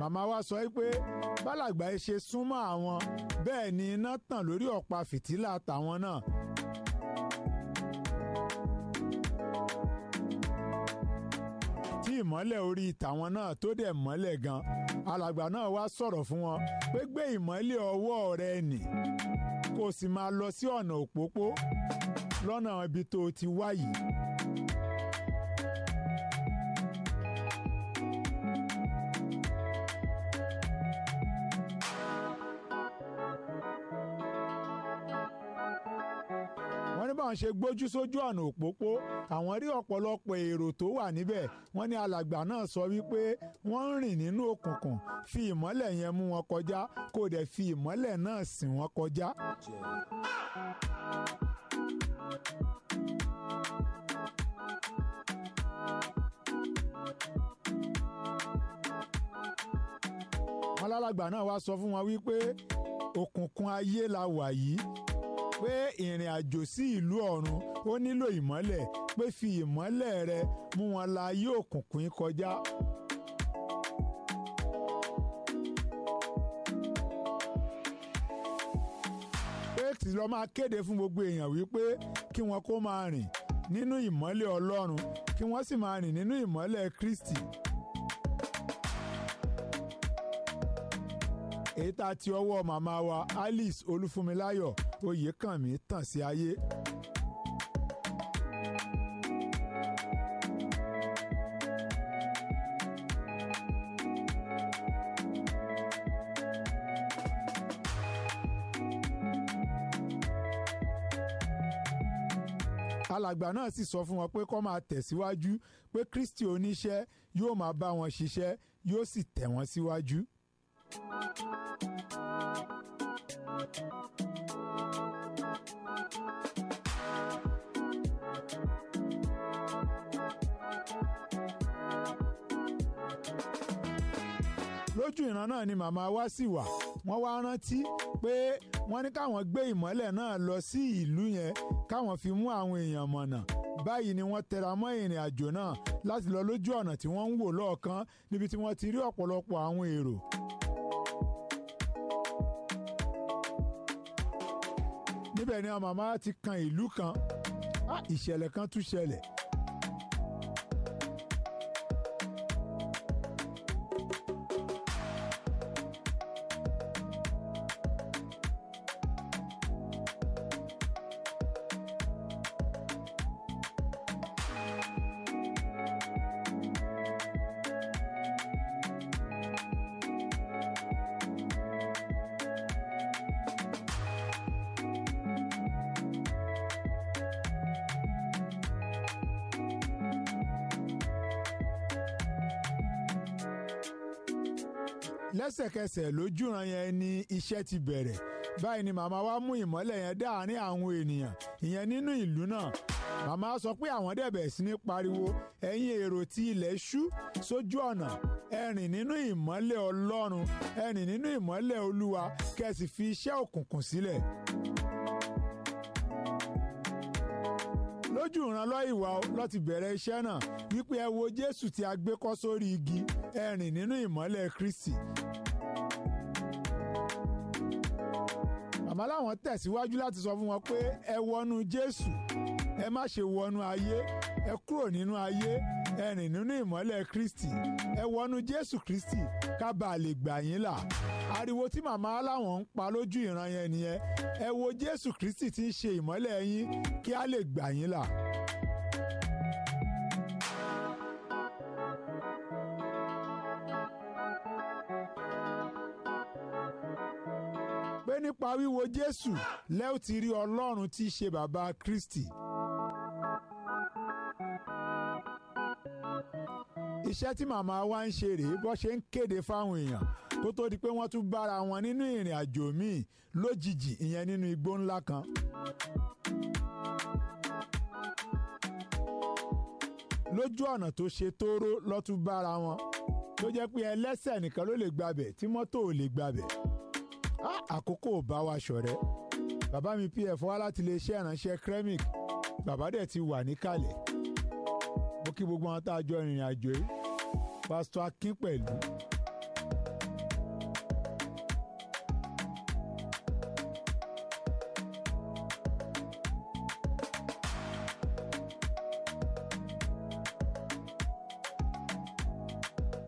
màmá wa sọ pé bálàgbà yẹn ṣe súnmọ́ àwọn bẹ́ẹ̀ ni iná tàn lórí ọ̀pá fìtílà tàwọn náà ìmọ́lẹ̀ orí tàwọn náà tó dẹ̀ mọ́lẹ̀ gan alàgbà náà wá sọ̀rọ̀ fún wọn pé gbé ìmọ́lẹ̀ ọwọ́ rẹ nì kó o sì máa lọ sí ọ̀nà òpópó lọ́nà ibi tó o ti wá yìí báwọn ṣe gbójú sójú ọ̀nà òpópó àwọn rí ọ̀pọ̀lọpọ̀ èrò tó wà níbẹ̀ wọ́n ní alàgbà náà sọ wípé wọ́n ń rìn nínú òkùnkùn fi ìmọ́lẹ̀ yẹn mú wọn kọjá kó dẹ̀ fi ìmọ́lẹ̀ náà sìn wọ́n kọjá. wọn lálàgbà náà wá sọ fún wọn wípé òkùnkùn ayé la wà yìí pé ìrìn àjò sí ìlú ọ̀run ó nílò ìmọ́lẹ̀ pé fi ìmọ́lẹ̀ rẹ mú wọn la yóò òkùnkùn kọjá. pé tí máa kéde fún gbogbo èèyàn wípé kí wọn kó máa rìn nínú ìmọ́lẹ̀ ọlọ́run kí wọ́n sì máa rìn nínú ìmọ́lẹ̀ Kristi. èyí tá a ti ọwọ́ màmá wa alice olúfúnmiláyọ̀ oyèkànmí tàn sí ayé. alàgbà náà sì sọ fún wọn pé kó máa tẹ̀síwájú pé kristi oníṣẹ́ yóò máa bá wọn ṣiṣẹ́ yóò sì tẹ̀ wọ́n síwájú lójú ìran náà ni màmá wa sì wà wọ́n wá rántí pé wọ́n ní káwọn gbé ìmọ́lẹ̀ náà lọ sí ìlú yẹn káwọn fi mú àwọn èèyàn mọ̀nà báyìí ni wọ́n tẹra mọ́ ìrìn àjò náà láti lọ lójú ọ̀nà tí wọ́n ń wò lọ́ọ̀kan níbi tí wọ́n ti rí ọ̀pọ̀lọpọ̀ àwọn èrò. níbẹ̀ ni àwọn màmá ti kan ìlú kan ah, ìṣẹ̀lẹ̀ kan tún ṣẹlẹ̀ ẹsẹ̀ lójúran yẹn ni iṣẹ́ ti bẹ̀rẹ̀ báyìí ni màmá wa mú ìmọ́lẹ̀ yẹn dá àárín àwọn ènìyàn ìyẹn nínú ìlú náà màmá sọ pé àwọn dẹ̀bẹ̀ sí ní pariwo ẹ̀yin èrò tí ilẹ̀ ṣú sójú ọ̀nà ẹ rìn nínú ìmọ́lẹ̀ Ọlọ́run ẹ rìn nínú ìmọ́lẹ̀ Olúwa kẹ́sì fi iṣẹ́ òkùnkùn sílẹ̀. lójú ìrànlọ́ ìwà ló ti bẹ̀rẹ̀ iṣẹ́ náà wípé ẹ wo Jésù tí a gbé kọ́ sórí igi ẹ nínú ìmọ́lẹ̀ Kristi àmọ́ láwọn tẹ̀síwájú láti sọ fún wọn pé ẹ wọnú Jésù ẹ má ṣe wọnú ayé ẹ kúrò nínú ayé ẹ rìn nínú ìmọ́lẹ̀ Kristi ẹ wọnú Jésù Kristi ká bàa lè gbà yín là ariwo tí màmá aláwọ̀n ń pa lójú ìran yẹn nìyẹn ẹ wo jésù kristi tí ń ṣe ìmọ́lẹ̀ yín kí a lè gbà yín là. pé nípa wíwo Jésù lẹ́ ò ti rí Ọlọ́run tí í ṣe bàbá Kristi. iṣẹ́ tí màmá wa ń ṣe rèé bó ṣe ń kéde fáwọn èèyàn kó tó di pé wọ́n tún bára wọn nínú ìrìn àjò míì lójijì ìyẹn nínú igbó ńlá kan. lójú ọ̀nà tó ṣe tóóró lọ́tún bára wọn tó jẹ́ pé ẹlẹ́sẹ̀ nìkan ló lè gbabẹ̀ tí mọ́tò ò lè gbabẹ̀ àkókò ò bá wa ṣọ̀rẹ́ bàbá mi pf wá láti iléeṣẹ́ ìránṣẹ́ kremik bàbá dẹ̀ ti wà níkàlẹ̀ mo kí gbogbo àwọn tá a jọ ìrìn àjò yìí pásítọ̀ akin pẹ̀lú.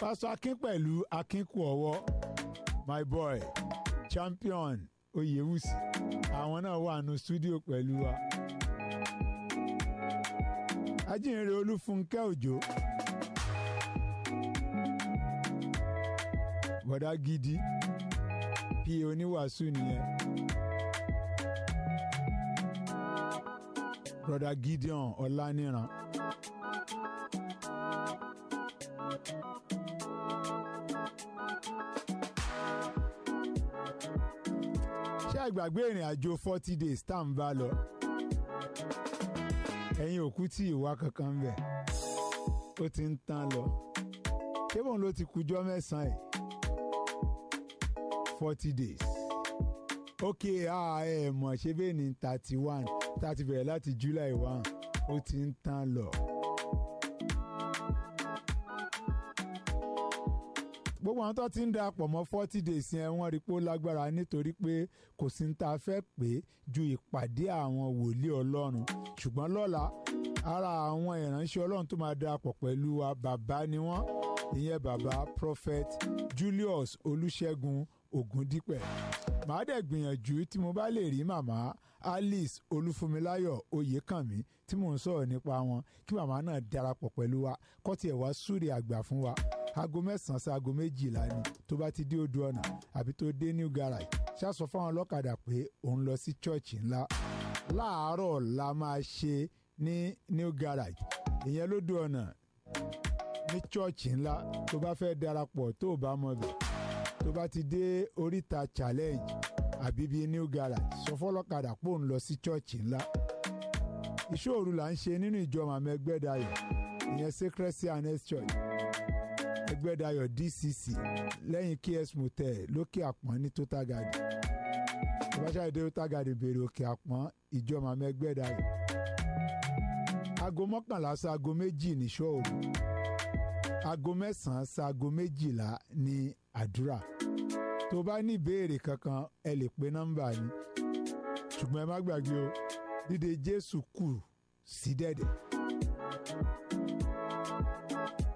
pásítọ̀ akin pẹ̀lú akínkù ọwọ́ my boy champion oyewusi àwọn náà wà nù studio pẹ̀lú wa. ajínrere olúfúnkẹ́ òjò bọ̀dá gidi pí oníwàásù nìyẹn. broda gideon ọláníran. àgbàgbé ìrìn àjò forty days tá à ń bá lọ ẹ̀yin òkú tí ìwà kankan ń bẹ̀ ó ti ń tán lọ kébọ̀n ló ti kújọ́ mẹ́sàn-án ẹ̀ forty days ok ẹ mọ̀ ṣé bẹ́ẹ̀ ni thirty one tá a ti bẹ̀rẹ̀ láti July one ó ti ń tán lọ gbogbo àwọn tó ti ń da pọ̀ mọ́ forty days yẹn wọ́n rí pé ó lágbára nítorí pé kò sí ní ta fẹ́ pé ju ìpàdé àwọn wòlíì ọlọ́run ṣùgbọ́n lọ́la ara àwọn ìránṣẹ́ ọlọ́run tó máa darapọ̀ pẹ̀lú wa bàbá ni wọ́n ìyẹn bàbá prophet Julius Olúṣẹ́gun Ògúndípẹ̀ màá dẹ̀ gbìyànjú tí mo bá lè rí màmá Alice Olúfúnmiláyọ̀ Oyèkànmí tí mò ń sọ̀rọ̀ nípa wọn kí màmá náà darapọ̀ pẹ̀lú wa kó tiẹ̀ wá súre àgbà fún wa aago mẹ́sàn-án sí aago méjìlá ni tó bá ti dé odò ọ̀nà àbí tó dé new garage ṣàṣọ fáwọn ọlọ́kadà pé òun lọ sí chọ́ọ̀chì ńlá láàárọ̀ la máa ṣe ní new garage ìyẹn lódò ọ̀nà ní chọ́ọ̀chì ńlá tó bá fẹ́ darapọ̀ tó bá mọ̀ tó bá ti dé oríta challenge àbí bíi new garage sọ fọlọ́kadà pé òun lọ sí chọ́ọ̀chì ńlá ìṣòro là ń ṣe nínú ìjọ màmá ẹgbẹ́ dayọ̀ ìyẹn sacred sea and church ẹgbẹ́dayọ̀ dcc lẹ́yìn ks motel lókè àpọ́n ní total garden ìbáṣà ìdè total garden bèrè òkè àpọ́n ìjọba mẹ́gbẹ́dayọ̀ aago mọ́kànlá ṣaago méjì ní ṣọ́ọ̀rù aago mẹ́sàn-án ṣaago méjìlá ní àdúrà tó bá ní ìbéèrè kankan ẹ lè pe nọ́mbà yìí ṣùgbọ́n ẹ má gbàgbé o dídé jésù kù sí dẹ̀dẹ̀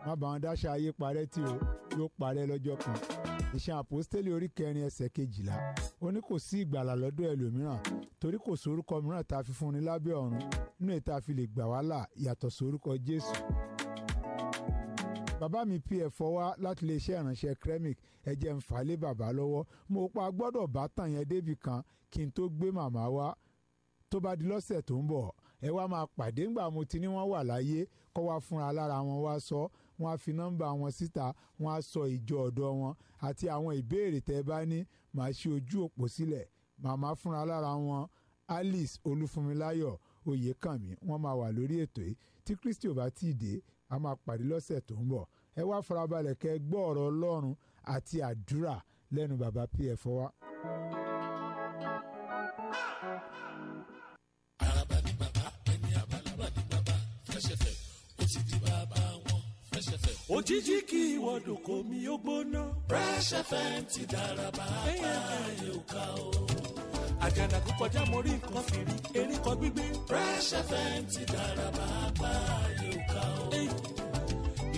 má bá wọn dáṣà ayé parẹ́ tí o yóò parẹ́ lọ́jọ́ kan iṣẹ́ àpòstélì orí kẹrin ẹsẹ̀ kejìlá ó ní kò sí ìgbàlà lọ́dọ̀ ẹlòmíràn torí kò sórúkọ mìíràn tá a fi fún ni lábẹ́ ọ̀run nínú ètò àfi gbà wá yàtọ̀ sórúkọ Jésù bàbá mi pf fọwá láti iléeṣẹ́ ìránṣẹ́ kremik ẹ̀jẹ̀ ń fà lé bàbá lọ́wọ́ mo pa gbọ́dọ̀ bá tàn yẹn débì kan kí n tó gbé màmá wá tó bá di lọ́sẹ̀ tó ń bọ̀ ẹ wá máa pàdé ńgbà mo ti ní wọ́n wà láyé kọ́ wá fúnra lára wọn wá sọ wọ́n á fi nọ́mbà wọn síta wọ́n á sọ ìjọ ọ̀dọ́ wọn àti àwọn ìbéèrè tẹ́ bá ní màá ṣe ojú òpó sílẹ̀ màmá fúnra lára wọn Alice Olúfúnmiláyọ̀ Oyèkànmí wọ́n máa wà lórí ètò yìí tí Kristi ò bá tí ì dé a máa pàdé lọ́sẹ̀ tó ń bọ̀ ẹ wá farabalẹ̀ kẹ́ gbọ́ ọ̀rọ̀ Ọlọ́run àti àdúrà lẹ́nu bàbá pf wa. òjijì kí ìwọ́dùn kò mí ó gbóná. Fresh FM ti dára bàbá yóò ká o. àjànà kó kọjá mo rí nǹkan fìrí erin kan gbígbé. Fresh FM ti dára bàbá yóò ká o.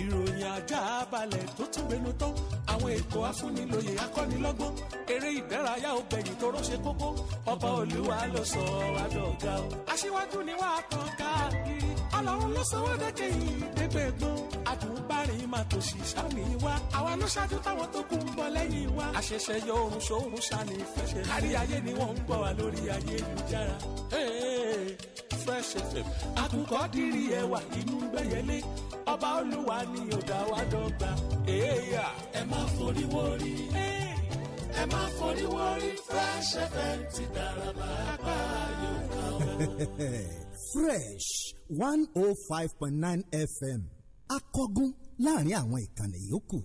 ìròyìn ajá balẹ̀ tó tún gbénu tán àwọn ètò afúnilòyè akọ́nilọ́gbọ́n eré ìdárayá obìnrin tó rọ́ṣẹ́ kókó ọba olúwa ló sọ ọ́ adọ̀gá o. aṣíwájú ni wàá kàn káàkiri ọlọ́run ló sanwó dẹ́kẹ́ yìí débẹ̀ àdùnbárin máa tò sí sáni wa àwa ló ṣáájú táwọn tó kù ń bọ̀ lẹ́yìn wa àṣẹ̀ṣẹ̀ yọ oorun ṣòorun sáni fẹsẹ̀ kárí ayé ni wọ́n ń gbọ́ wa lórí ayélujára. Fresh FM àkùkọ dìrì ẹwà inú gbẹ̀yẹlé ọba olúwa ni ó dá wa dọ́gba. ẹ má forí wọrí ẹ má forí wọrí Fresh FM ti dára pàápàá yóò kàn wọ́n. fresh one oh five point nine fm akọgun láàrin àwọn ìkànnì yòókù.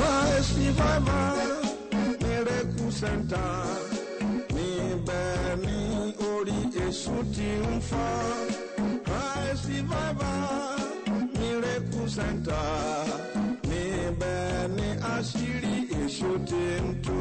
láìsí bàbá mẹrẹkù sẹńtà níbẹ̀ ní orí èṣù ti ń fọ́ láìsí bàbá mẹrẹkù sẹńtà níbẹ̀ ní àṣírí èṣù ti ń tú.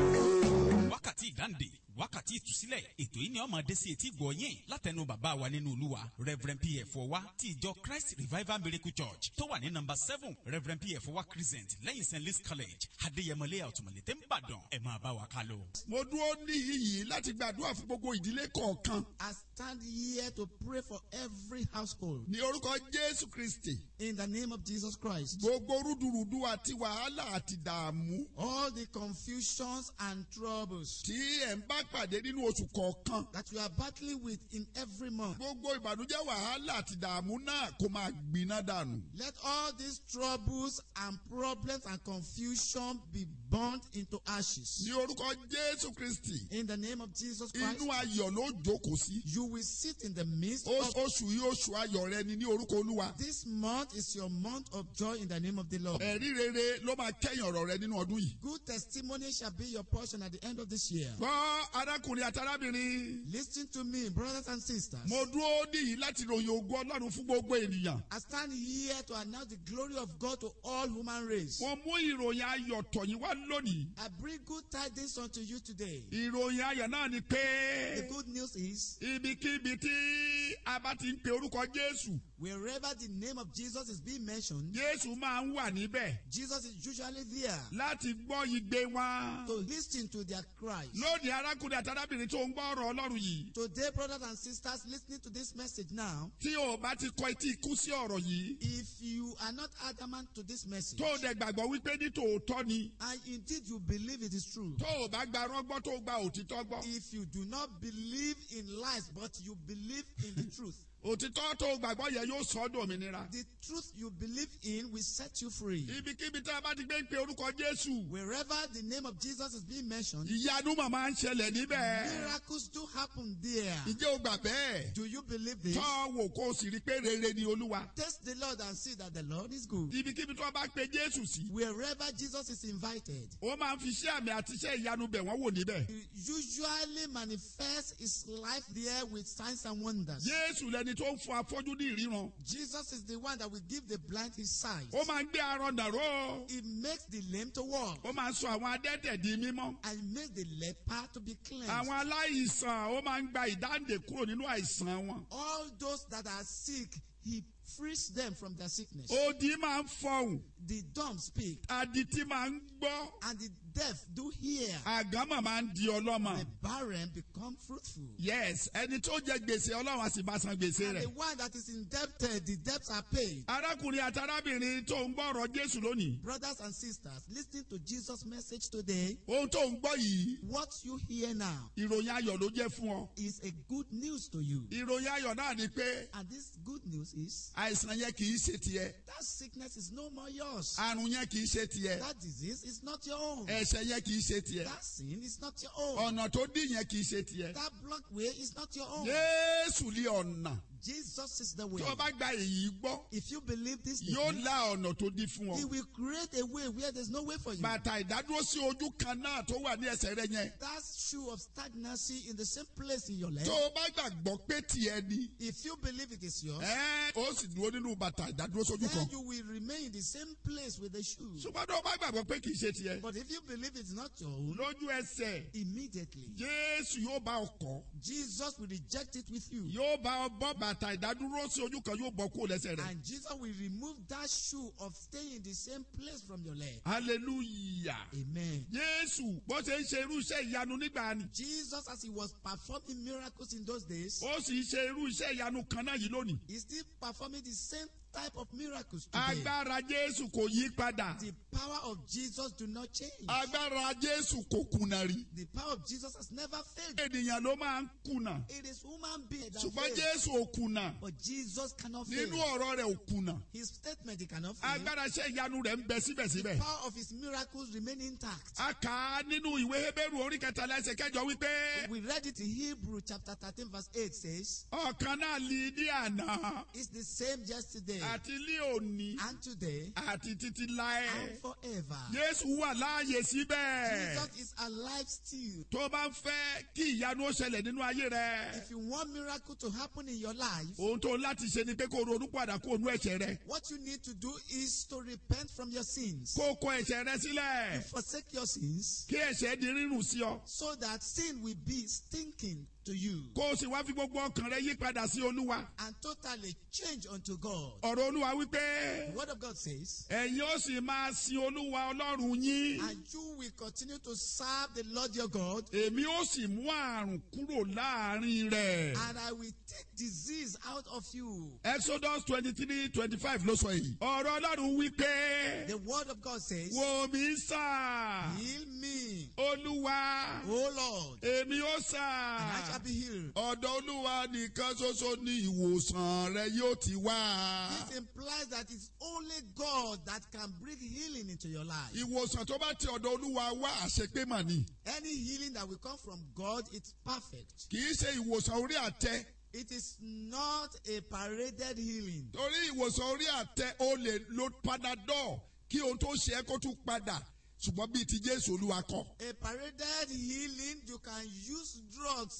wákàtí ìdáǹdè wákàtí ìtúsílẹ̀ ètò yìí ni ó máa etí gbọ̀ yín látẹnu bàbá wa nínú olúwa reverend pf ọwa ti ìjọ christ revival miracle church tó wà ní number seven reverend pf ọwa crescent lẹ́yìn st louis college adéyẹmọlẹ́ àtùmọ̀lẹ́ tẹ́ ń bàdàn ẹ̀ máa bá wa ká lọ. mo dúró ní iyì láti gbàdúrà fún gbogbo ìdílé kọ̀ọ̀kan. I stand here to pray for every household. ní orúkọ jésù kristi. in the name of jesus christ. gbogbo rúdurùdu àti wàhálà àti dààmú. all the confusions and troubles. tí ẹ̀ ń bá pàdé pàdé nínú oṣù kọ̀ọ̀kan. that you are battling with in every month. gbogbo ìbànújẹ́ wàhálà àti dààmú náà kò máa gbiná dànù. let all these troubles and problems and confusion be burnt into ashes. ní orúkọ Jésù Kristi. in the name of Jesus Christ. inú ayọ̀ ló jókòó sí. you will sit in the midst of. oṣù yìí oṣù ayọ̀ rẹ ni ní orúkọ Olúwa. this month is your month of joy in the name of the Lord. ẹ̀rí rere ló máa kẹ́yìn ọ̀rọ̀ rẹ nínú ọdún yìí. good testimony shall be your portion at the end of this year. fọ́ ara arákùnrin àti arábìnrin. listen to me brothers and sisters. mo dúró níyì láti ròyìn ògo ọlọ́run fún gbogbo ènìyàn. I stand here to announce the glory of God to all human race. mo mú ìròyìn ayọ̀ tọ̀ yín wá lónìí. I bring good tidings unto you today. ìròyìn ayọ̀ náà ni pé. the good news is. ibikíbi tí a bá ti ń pe orúkọ Jésù. wherever the name of Jesus is being mentioned. Jésù máa ń wà níbẹ̀. Jesus is usually there. láti gbọ́ igbe wọn. to listen to their cries. lónìí arákùnrin. àti arábìnrin gbọ́ ọ̀rọ̀ Ọlọ́run yìí. Today brothers and sisters listening to this message now. Tí o bá ti kọ etí ikú sí ọ̀rọ̀ yìí. If you are not adamant to this message. Tó o dẹ̀ gbàgbọ́ wípé ní tòótọ́ ni. And indeed you believe it is true. Tó o bá gba rọ́gbọ́ tó o gba òtítọ́ gbọ́. If you do not believe in lies but you believe in the truth. òtítọ́ tó gbàgbọ́ yẹn yóò sọ ọ́ òmìnira. the truth you believe in will set you free. ibikíbi tá a bá ti gbé ń orúkọ Jésù. wherever the name of Jesus is being mentioned. ìyanu màmá ń ṣẹlẹ̀ níbẹ̀. miracles do happen there. ǹjẹ́ o gbà bẹ́ẹ̀. do you believe this. tọ́ wò kó o sì rí pé rere ni Olúwa. test the Lord and see that the Lord is good. ibikíbi tó bá pe Jésù sí. wherever Jesus is invited. ó máa ń fi iṣẹ́ àmì àti iṣẹ́ ìyanu bẹ̀ wọ́n wò níbẹ̀. he usually manifests his life there with signs and wonders. Jésù lẹni tó ń fún afọ́jú ní ìríran. Jesus is the one that will give the blind his sight. Ó máa ń gbé arọ dàró. He makes the lame to walk. Ó máa ń sọ àwọn adẹ́tẹ̀ di mímọ́. And he the leper to be clean. Àwọn aláìsàn ó máa ń gba ìdáǹdè kúrò nínú àìsàn wọn. All those that are sick he frees them from their sickness. Odi máa ń fọhùn. The dumb speak. Adití máa ń gbọ́. And the deaf do hear. àgámà máa ń di ọlọ́mọ. the barren become fruitful. yes ẹni tó jẹ gbèsè ọlọ́run á sì bá san gbèsè rẹ̀. and the one that is indebted the debts are paid. arákùnrin àti arábìnrin tó ń gbọ́ ọ̀rọ̀ Jésù lónìí. brothers and sisters listening to Jesus' message today. ohun tó ń gbọ́ yìí. what you hear now. ìròyìn ayọ̀ ló jẹ́ fún ọ. is a good news to you. ìròyìn ayọ̀ náà ni pé. and this good news is. àìsàn yẹn kì í ṣe tiẹ̀. that sickness is no more yours. àrùn yẹn kì í ṣe tiẹ̀. that disease is not your own. ẹ ẹsẹ̀ yẹn kì í ṣe tiẹ̀. that sin is not your own. ọ̀nà tó dì yẹn kì í ṣe tiẹ̀. that block way is not your own. Jésù lé ọ̀nà. Jesus is the way. Tó o bá gba èyí gbọ́. If you believe this day. Yóò la ọ̀nà tó di fún ọ. He will create a way where there is no way for you. Bàtà ìdádúró sí ojú kan náà tó wà ní ẹsẹ̀ rẹ yẹn. That shoe of stagnancy in the same place in your leg. Tó o bá gbàgbọ́ pé tiẹ̀ ni. If you believe it is yours. Ẹ ó sì dúró nínú bàtà ìdádúró sójú kan. Then you will remain in the same place with the shoe. Ṣùgbọ́n tó o bá gbàgbọ́ pé kì í ṣe tiẹ̀. But if you believe it's not your own. Lójú ẹsẹ̀. Immediately. Jésù yóò bá ọkọ̀. Jesus will reject it with you. Yóò bá ọ bọ́ bàtà. bàtà ìdádúró sí ojú kan yóò bọ́ kúrò lẹ́sẹ̀ rẹ. and Jesus will remove that shoe of staying in the same place from your leg. hallelujah. amen. Jésù bó ṣe ń ṣe irú iṣẹ́ ìyanu nígbà ni. Jesus as he was performing miracles in those days. ó sì ṣe irú iṣẹ́ ìyanu kan náà yìí lónìí. he still performing the same type of miracles today. agbára Jésù kò yí padà. the power of Jesus do not change. Agbára Jésù kò kùnà rí. The power of Jesus has never failed. Ènìyàn ló máa ń kùnà. It is human being that Ṣùgbọ́n Jésù ò kùnà. But Jesus cannot fail. Nínú ọ̀rọ̀ rẹ̀ ò kùnà. His statement he cannot fail. Agbára iṣẹ́ ìyanu rẹ̀ ń bẹ síbẹ̀síbẹ̀. The power of his miracles remain intact. A kà á nínú ìwé Hébérù orí kẹtàlá ẹsẹ̀ kẹjọ wípé. We read it in Hebrew chapter thirteen verse eight says. Ọ̀kan náà lè ní àná. It's the same yesterday. Àti ní òní. And today. Àti títí láé. And forever. Jésù wà láàyè síbẹ̀. Jesus is alive still. Tó bá ń fẹ́ kí ìyanu ó ṣẹlẹ̀ nínú ayé rẹ. If you want miracle to happen in your life. Ohun tó láti ṣe ni pé kó ronú padà kó ẹ̀ṣẹ̀ rẹ. What you need to do is to repent from your sins. Kó kọ ẹ̀ṣẹ̀ rẹ sílẹ̀. You forsake your sins. Kí ẹ̀ṣẹ̀ di rírùn sí ọ. So that sin will be stinking to you. Kó o sì wá fi gbogbo ọkàn rẹ yí padà sí Olúwa. And totally change unto God. Ọ̀rọ̀ Olúwa wípé. The word of God says. Ẹ̀yin ó sì máa sin Olúwa Ọlọ́run yín. And you will continue to serve the Lord your God. Èmi ó sì mú àrùn kúrò láàrin rẹ̀. And I will take disease out of you. Exodus twenty three twenty five ló sọ èyí. Ọ̀rọ̀ Ọlọ́run wí pé. The word of God says. Wò mí sà. Heal me. Olúwa. O Lord. Èmi ó sà. And I shall be healed. Ọ̀dọ̀ Olúwa nìkan ṣoṣo ni ìwòsàn rẹ yóò ti wá. This implies that it's only God that can bring healing into your life. Ìwòsàn tó bá ti ọ̀dọ̀ Olúwa wá àṣepé mà ni. Any healing that will come from God it's perfect. Kì í ṣe ìwòsàn orí àtẹ. It is not a paraded healing. Torí ìwòsàn orí àtẹ o lè lo panadol kí ohun tó ṣe é kó tún padà ṣùgbọ́n bíi ti Jésù Olúwa kọ́. A paraded healing you can use drugs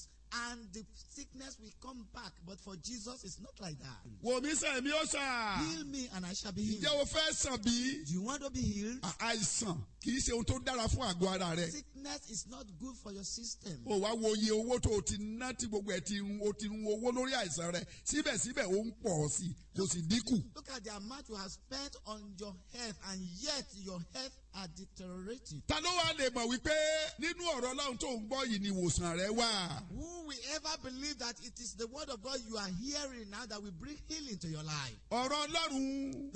and the sickness will come back but for Jesus it's not like that. wò mí sàn èmi ó sàn. heal me and I shall be healed. ǹjẹ́ o fẹ́ sàn bí? do you want to be healed? àìsàn kì í ṣe ohun tó dára fún àgọ́ ara rẹ. sickness is not good for your system. o wá wo iye owó tó o ti ná tí gbogbo ẹ ti run o ti run owó lórí àìsàn rẹ síbẹ̀síbẹ̀ ó ń pọ̀ sí i kò sì dínkù. look at the amount you have spent on your health and yet your health are deteriorating. ta ló wá lè mọ̀ wípé nínú ọ̀rọ̀ ọlọ́run tó ń gbọ́ yìí ni ìwòsàn rẹ wà. who will ever believe that it is the word of God you are hearing now that will bring healing to your life. ọ̀rọ̀ ọlọ́run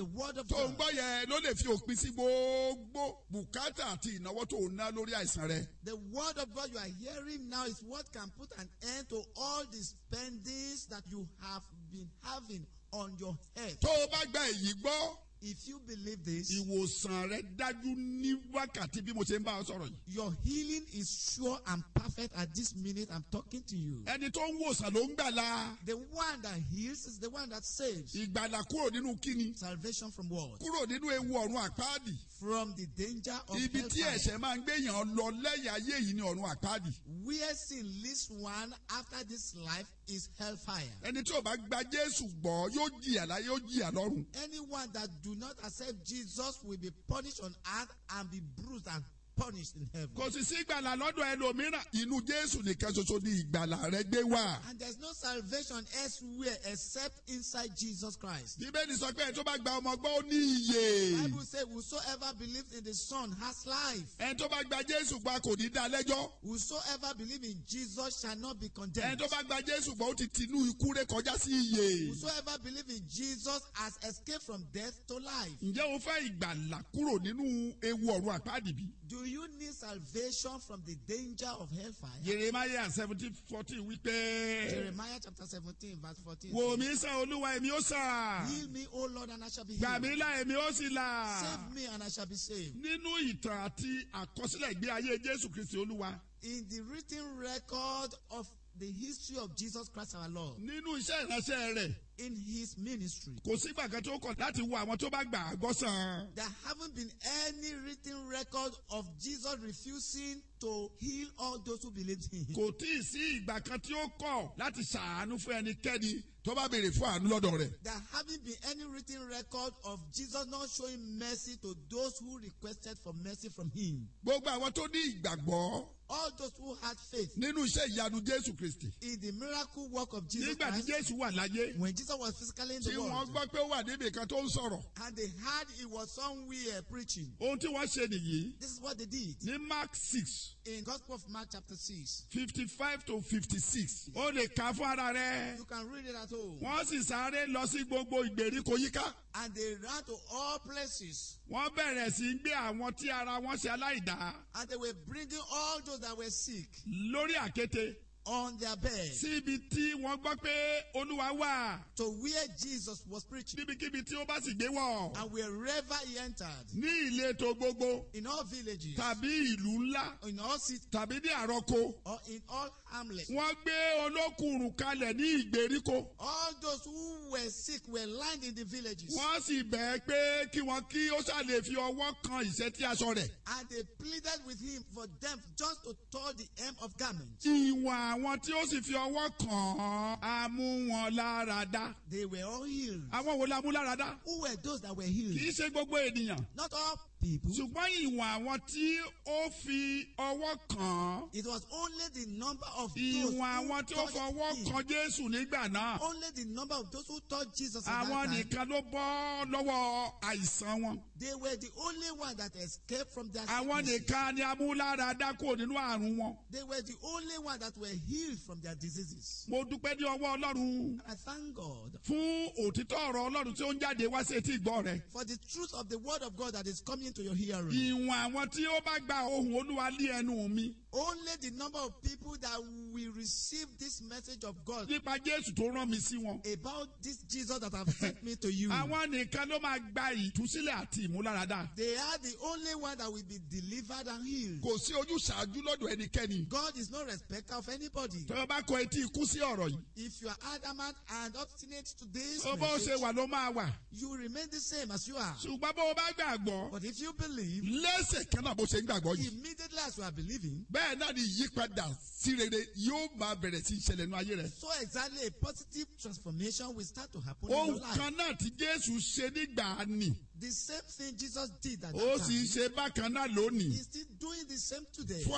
tó ń gbọ́ yẹn ló lè fi òpin sí gbogbo bùkátà àti ìnáwó tó ń ná lórí àìsàn rẹ. the word of God you are hearing now is what can put an end to all the spendings that you have been having on your head. tó o bá gba èyí gbọ́ If you believe this. Ìwòsàn rẹ dájú ní wákàtí bí mo ṣe ń bá ọ sọ̀rọ̀ yìí. Your healing is sure and perfect at this minute I'm talking to you. Ẹni tó ń wòsàn ló ń gbàlà. The one that heals is the one that saves. Ìgbàlà kúrò nínú kíni. Salvation from what? Kúrò nínú ewu ọ̀run àpáàdì. From the danger of hellfire. Ibi tí ẹ̀ṣẹ̀ máa ń gbéyàn lọ lẹ́yìn ayé yìí ni ọ̀run àpáàdì. Where sin leads one after this life is hellfire. Ẹni tí ò bá gba Jésù gbọ́ yóò jìyà láyé yóò jìyà lọ́run. Anyone that do do not accept Jesus will be punished on earth and be bruised and punished in heaven. Kò sì sí ìgbàlà lọ́dọ̀ ẹlòmíràn. Inú Jésù nìkan ṣoṣo ni ìgbàlà rẹ gbé wá. And there is no salvation elsewhere except inside Jesus Christ. Bíbélì sọ pé ẹ̀ bá gba ọmọ gbọ́ ó ní iye. The Bible says whosoever believes in the son has life. Ẹ̀ bá gba Jésù gba kò ní dá lẹ́jọ́. Whosoever believes in Jesus shall not be condemned. Ẹ̀ bá gba Jésù gbọ́ ó ti tinú ikú ré kọjá sí iye. Whosoever believes in Jesus has escaped from death to life. Ǹjẹ́ o fẹ́ ìgbàlà kúrò nínú ewu ọ̀run àpáàdì bí? Do you need salvation from the danger of hellfire? Jeremiah seventeen fourteen wípé. Jeremiah chapter seventeen verse fourteen. Wò mí sàn Olúwa èmi ó Heal me O Lord and I shall be healed. Gbà èmi ó Save me and I shall be saved. Nínú ìtàn àti àkọsílẹ̀ ìgbé ayé Jésù Kristi Olúwa. In the written record of the history of Jesus Christ our Lord. Nínú iṣẹ́ ìránṣẹ́ rẹ̀. in his ministry. Kò sígbà kan tó kọ̀ láti wo àwọn tó bá gbà á gbọ́ sàn. There haven't been any written record of Jesus refusing to heal all those who believed in him. Kò tí ì sí ìgbà kan tí ó kọ̀ láti ṣàánú fún ẹnikẹ́ni tó bá béèrè fún àánú lọ́dọ̀ rẹ̀. There haven't been any written record of Jesus not showing mercy to those who requested for mercy from him. Gbogbo àwọn tó ní ìgbàgbọ́ all those who had faith. nínú iṣẹ́ ìyanu jésù kristi. in the miracle work of jesus Christ. nígbà tí jésù wà láyé. when jesus was physically in the world. tí wọ́n gbọ́ pé ó wà níbi kan tó ń sọ̀rọ̀. and they heard he was somewhere preaching. ohun tí wọ́n ṣe nìyí. this is what they did. ní mark six. in gospel of mark chapter six. fifty-five to fifty-six. ó lè kà fún ara rẹ. you can read it at home. wọ́n sì sáré lọ sí gbogbo ìgbèríko yíká. and they ran to all places. wọ́n bẹ̀rẹ̀ sí gbé àwọn tí ara wọn ṣe aláìdá. and they were bringing all those those that were sick. lórí àkéte on their bed. sí ibi tí wọ́n gbọ́ pé olúwa wà. to where Jesus was preaching. níbikíbi tí ó bá sì gbé wọ̀. and wherever he entered. ní ìletò gbogbo. in all villages. tàbí ìlú ńlá. in all cities. tàbí ní àrọ́kọ. or in all hamlets. wọ́n gbé olókùnrùn kalẹ̀ ní ìgbèríko. all those who were sick were lined in the villages. wọ́n sì bẹ̀ẹ́ pé kí wọ́n kí ó ṣàlè fi ọwọ́ kan ìṣẹ́tí aṣọ rẹ̀. and they pleaded with him for them just to touch the hem of garment. ìwà àwọn tí ó sì fi ọwọ́ kàn án a they were all healed. àwọn wo la mú lára who were those that were healed. kì í ṣe gbogbo ènìyàn. not all people. ṣùgbọ́n ìwà àwọn tí ó fi ọwọ́ kàn án. it was only the number of those who touched him. ìwà àwọn tí ó fọwọ́ kan Jésù nígbà náà. only the number of those who touched Jesus àwọn nìkan ló bọ́ lọ́wọ́ àìsàn wọn. they were the only ones that escaped from their sickness. àwọn nìkan ni amúlára dákò nínú àrùn wọn. they were the only ones that were healed from their diseases. mo dúpẹ́ ní ọwọ́ Ọlọ́run. I thank God. fún òtítọ́ ọ̀rọ̀ Ọlọ́run tí ó ń jáde wá sí etí ìgbọ́ rẹ. for the truth of the word of God that is coming into your hearing. Ìwọ̀n àwọn tí ó bá gba ohùn Olúwa lé ẹnu mi. Only the number of people that will receive this message of God. Nípa Jésù tó rán mi sí wọn. About this Jesus that have sent me to you. Àwọn nìkan ló máa gba ìtúsílẹ̀ àti ìmúláradá. They are the only one that will be delivered and healed. Kò sí ojúṣàájú lọ́dọ̀ ẹnikẹ́ni. God is no respecter of anybody. Tọ́lá bá kọ etí ikú sí ọ̀rọ̀ yìí. If you are adamant and obstinate to this message. Bó ṣe wà ló máa wà. You remain the same as you are. Ṣùgbọ́n bó o bá gbàgbọ́. But if you believe. Lẹ́sẹ̀ kan náà bó ṣe ń gbàgbọ́ yìí. Immediately as you are believing bẹ́ẹ̀ náà ni yípadà sí rere yóò máa bẹ̀rẹ̀ sí ìṣẹ̀lẹ̀ nínú ayé rẹ̀. so exactly a positive transformation will start to happen in your life. ohun kan náà tí Jésù ṣe nígbà ni The same thing Jesus did at that time. Ó sì ṣe bákan náà lónìí. He is still doing the same today. For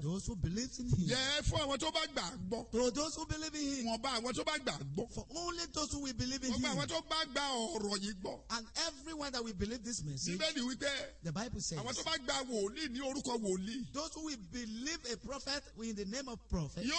Those who believe in him. Yeah, for àwọn tó bá gbà For those who believe in him. Wọ́n bá àwọn tó bá gbà For only those who will believe in him. Wọ́n bá àwọn tó bá gba ọ̀rọ̀ yìí gbọ́. And everyone that will believe this message. The Bible says. Àwọn tó bá gba wòlíì ní orúkọ Those who will believe a prophet in the name of prophet. Yóò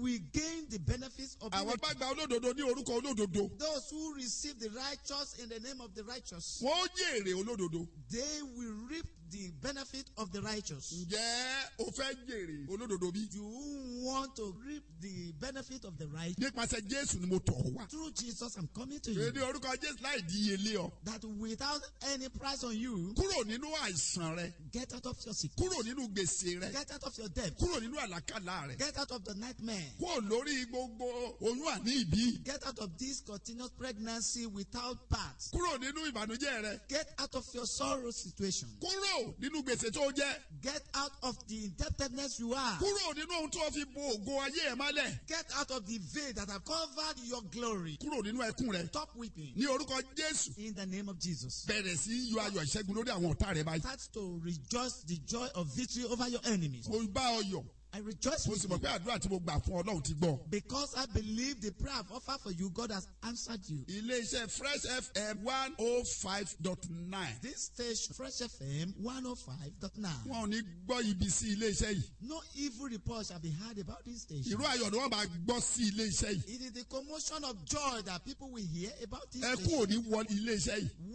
Will gain the benefits of. Àwọn tó bá gba olódodo ní orúkọ olódodo. Those who receive the righteous in in the name of the righteous. Wọ́n jèrè olódodo. They will reap the benefit of the righteous. Ǹjẹ́ o fẹ́ jèrè olódodo bí? Do you want to reap the benefit of the righteous? Nípasẹ̀ Jésù ni mo tọ̀ ọ́ wá. Through Jesus I'm coming to you. Èdè orúkọ Jésù láì di ilé ọ. That without any price on you. Kúrò nínú àìsàn rẹ. Get out of your sickness. Kúrò nínú gbèsè rẹ. Get out of your debt. Kúrò nínú àlàkàlà rẹ. Get out of the nightmare. Kúrò lórí gbogbo oyún àní ìbí. Get out of this continuous pregnancy without birth. Kúrò nínú ìbànújẹ́ rẹ. Get out of your sorrow situation. Kúrò nínú gbèsè tó jẹ́. Get out of the indebtedness you are. Kúrò nínú ohun tó fi bo ògo ayé ẹ̀ mọ́lẹ̀. Get out of the veil that have covered your glory. Kúrò nínú ẹkún rẹ. Stop weeping. Ní orúkọ Jésù. In the name of Jesus. Bẹ̀rẹ̀ sí yọ ayọ̀ ìṣẹ́gun lórí àwọn ọ̀tá rẹ báyìí. Start to rejoice the joy of victory over your enemies. Ó bá ọ I rejoice with you. Mo àdúrà tí mo gbà fún Ọlọ́run ti gbọ́. Because I believe the prayer I've offered for you, God has answered you. Ilé-iṣẹ́ Fresh FM one oh five dot nine. This station Fresh FM one oh five dot nine. Wọn ní gbọ́ ibi sí ilé-iṣẹ́ yìí. No evil report shall be heard about this station. Ìró ayọ̀ ni wọ́n máa gbọ́ sí ilé-iṣẹ́ yìí. It is the commotion of joy that people will hear about this station. Ẹkún ò ní wọ ilé-iṣẹ́ yìí.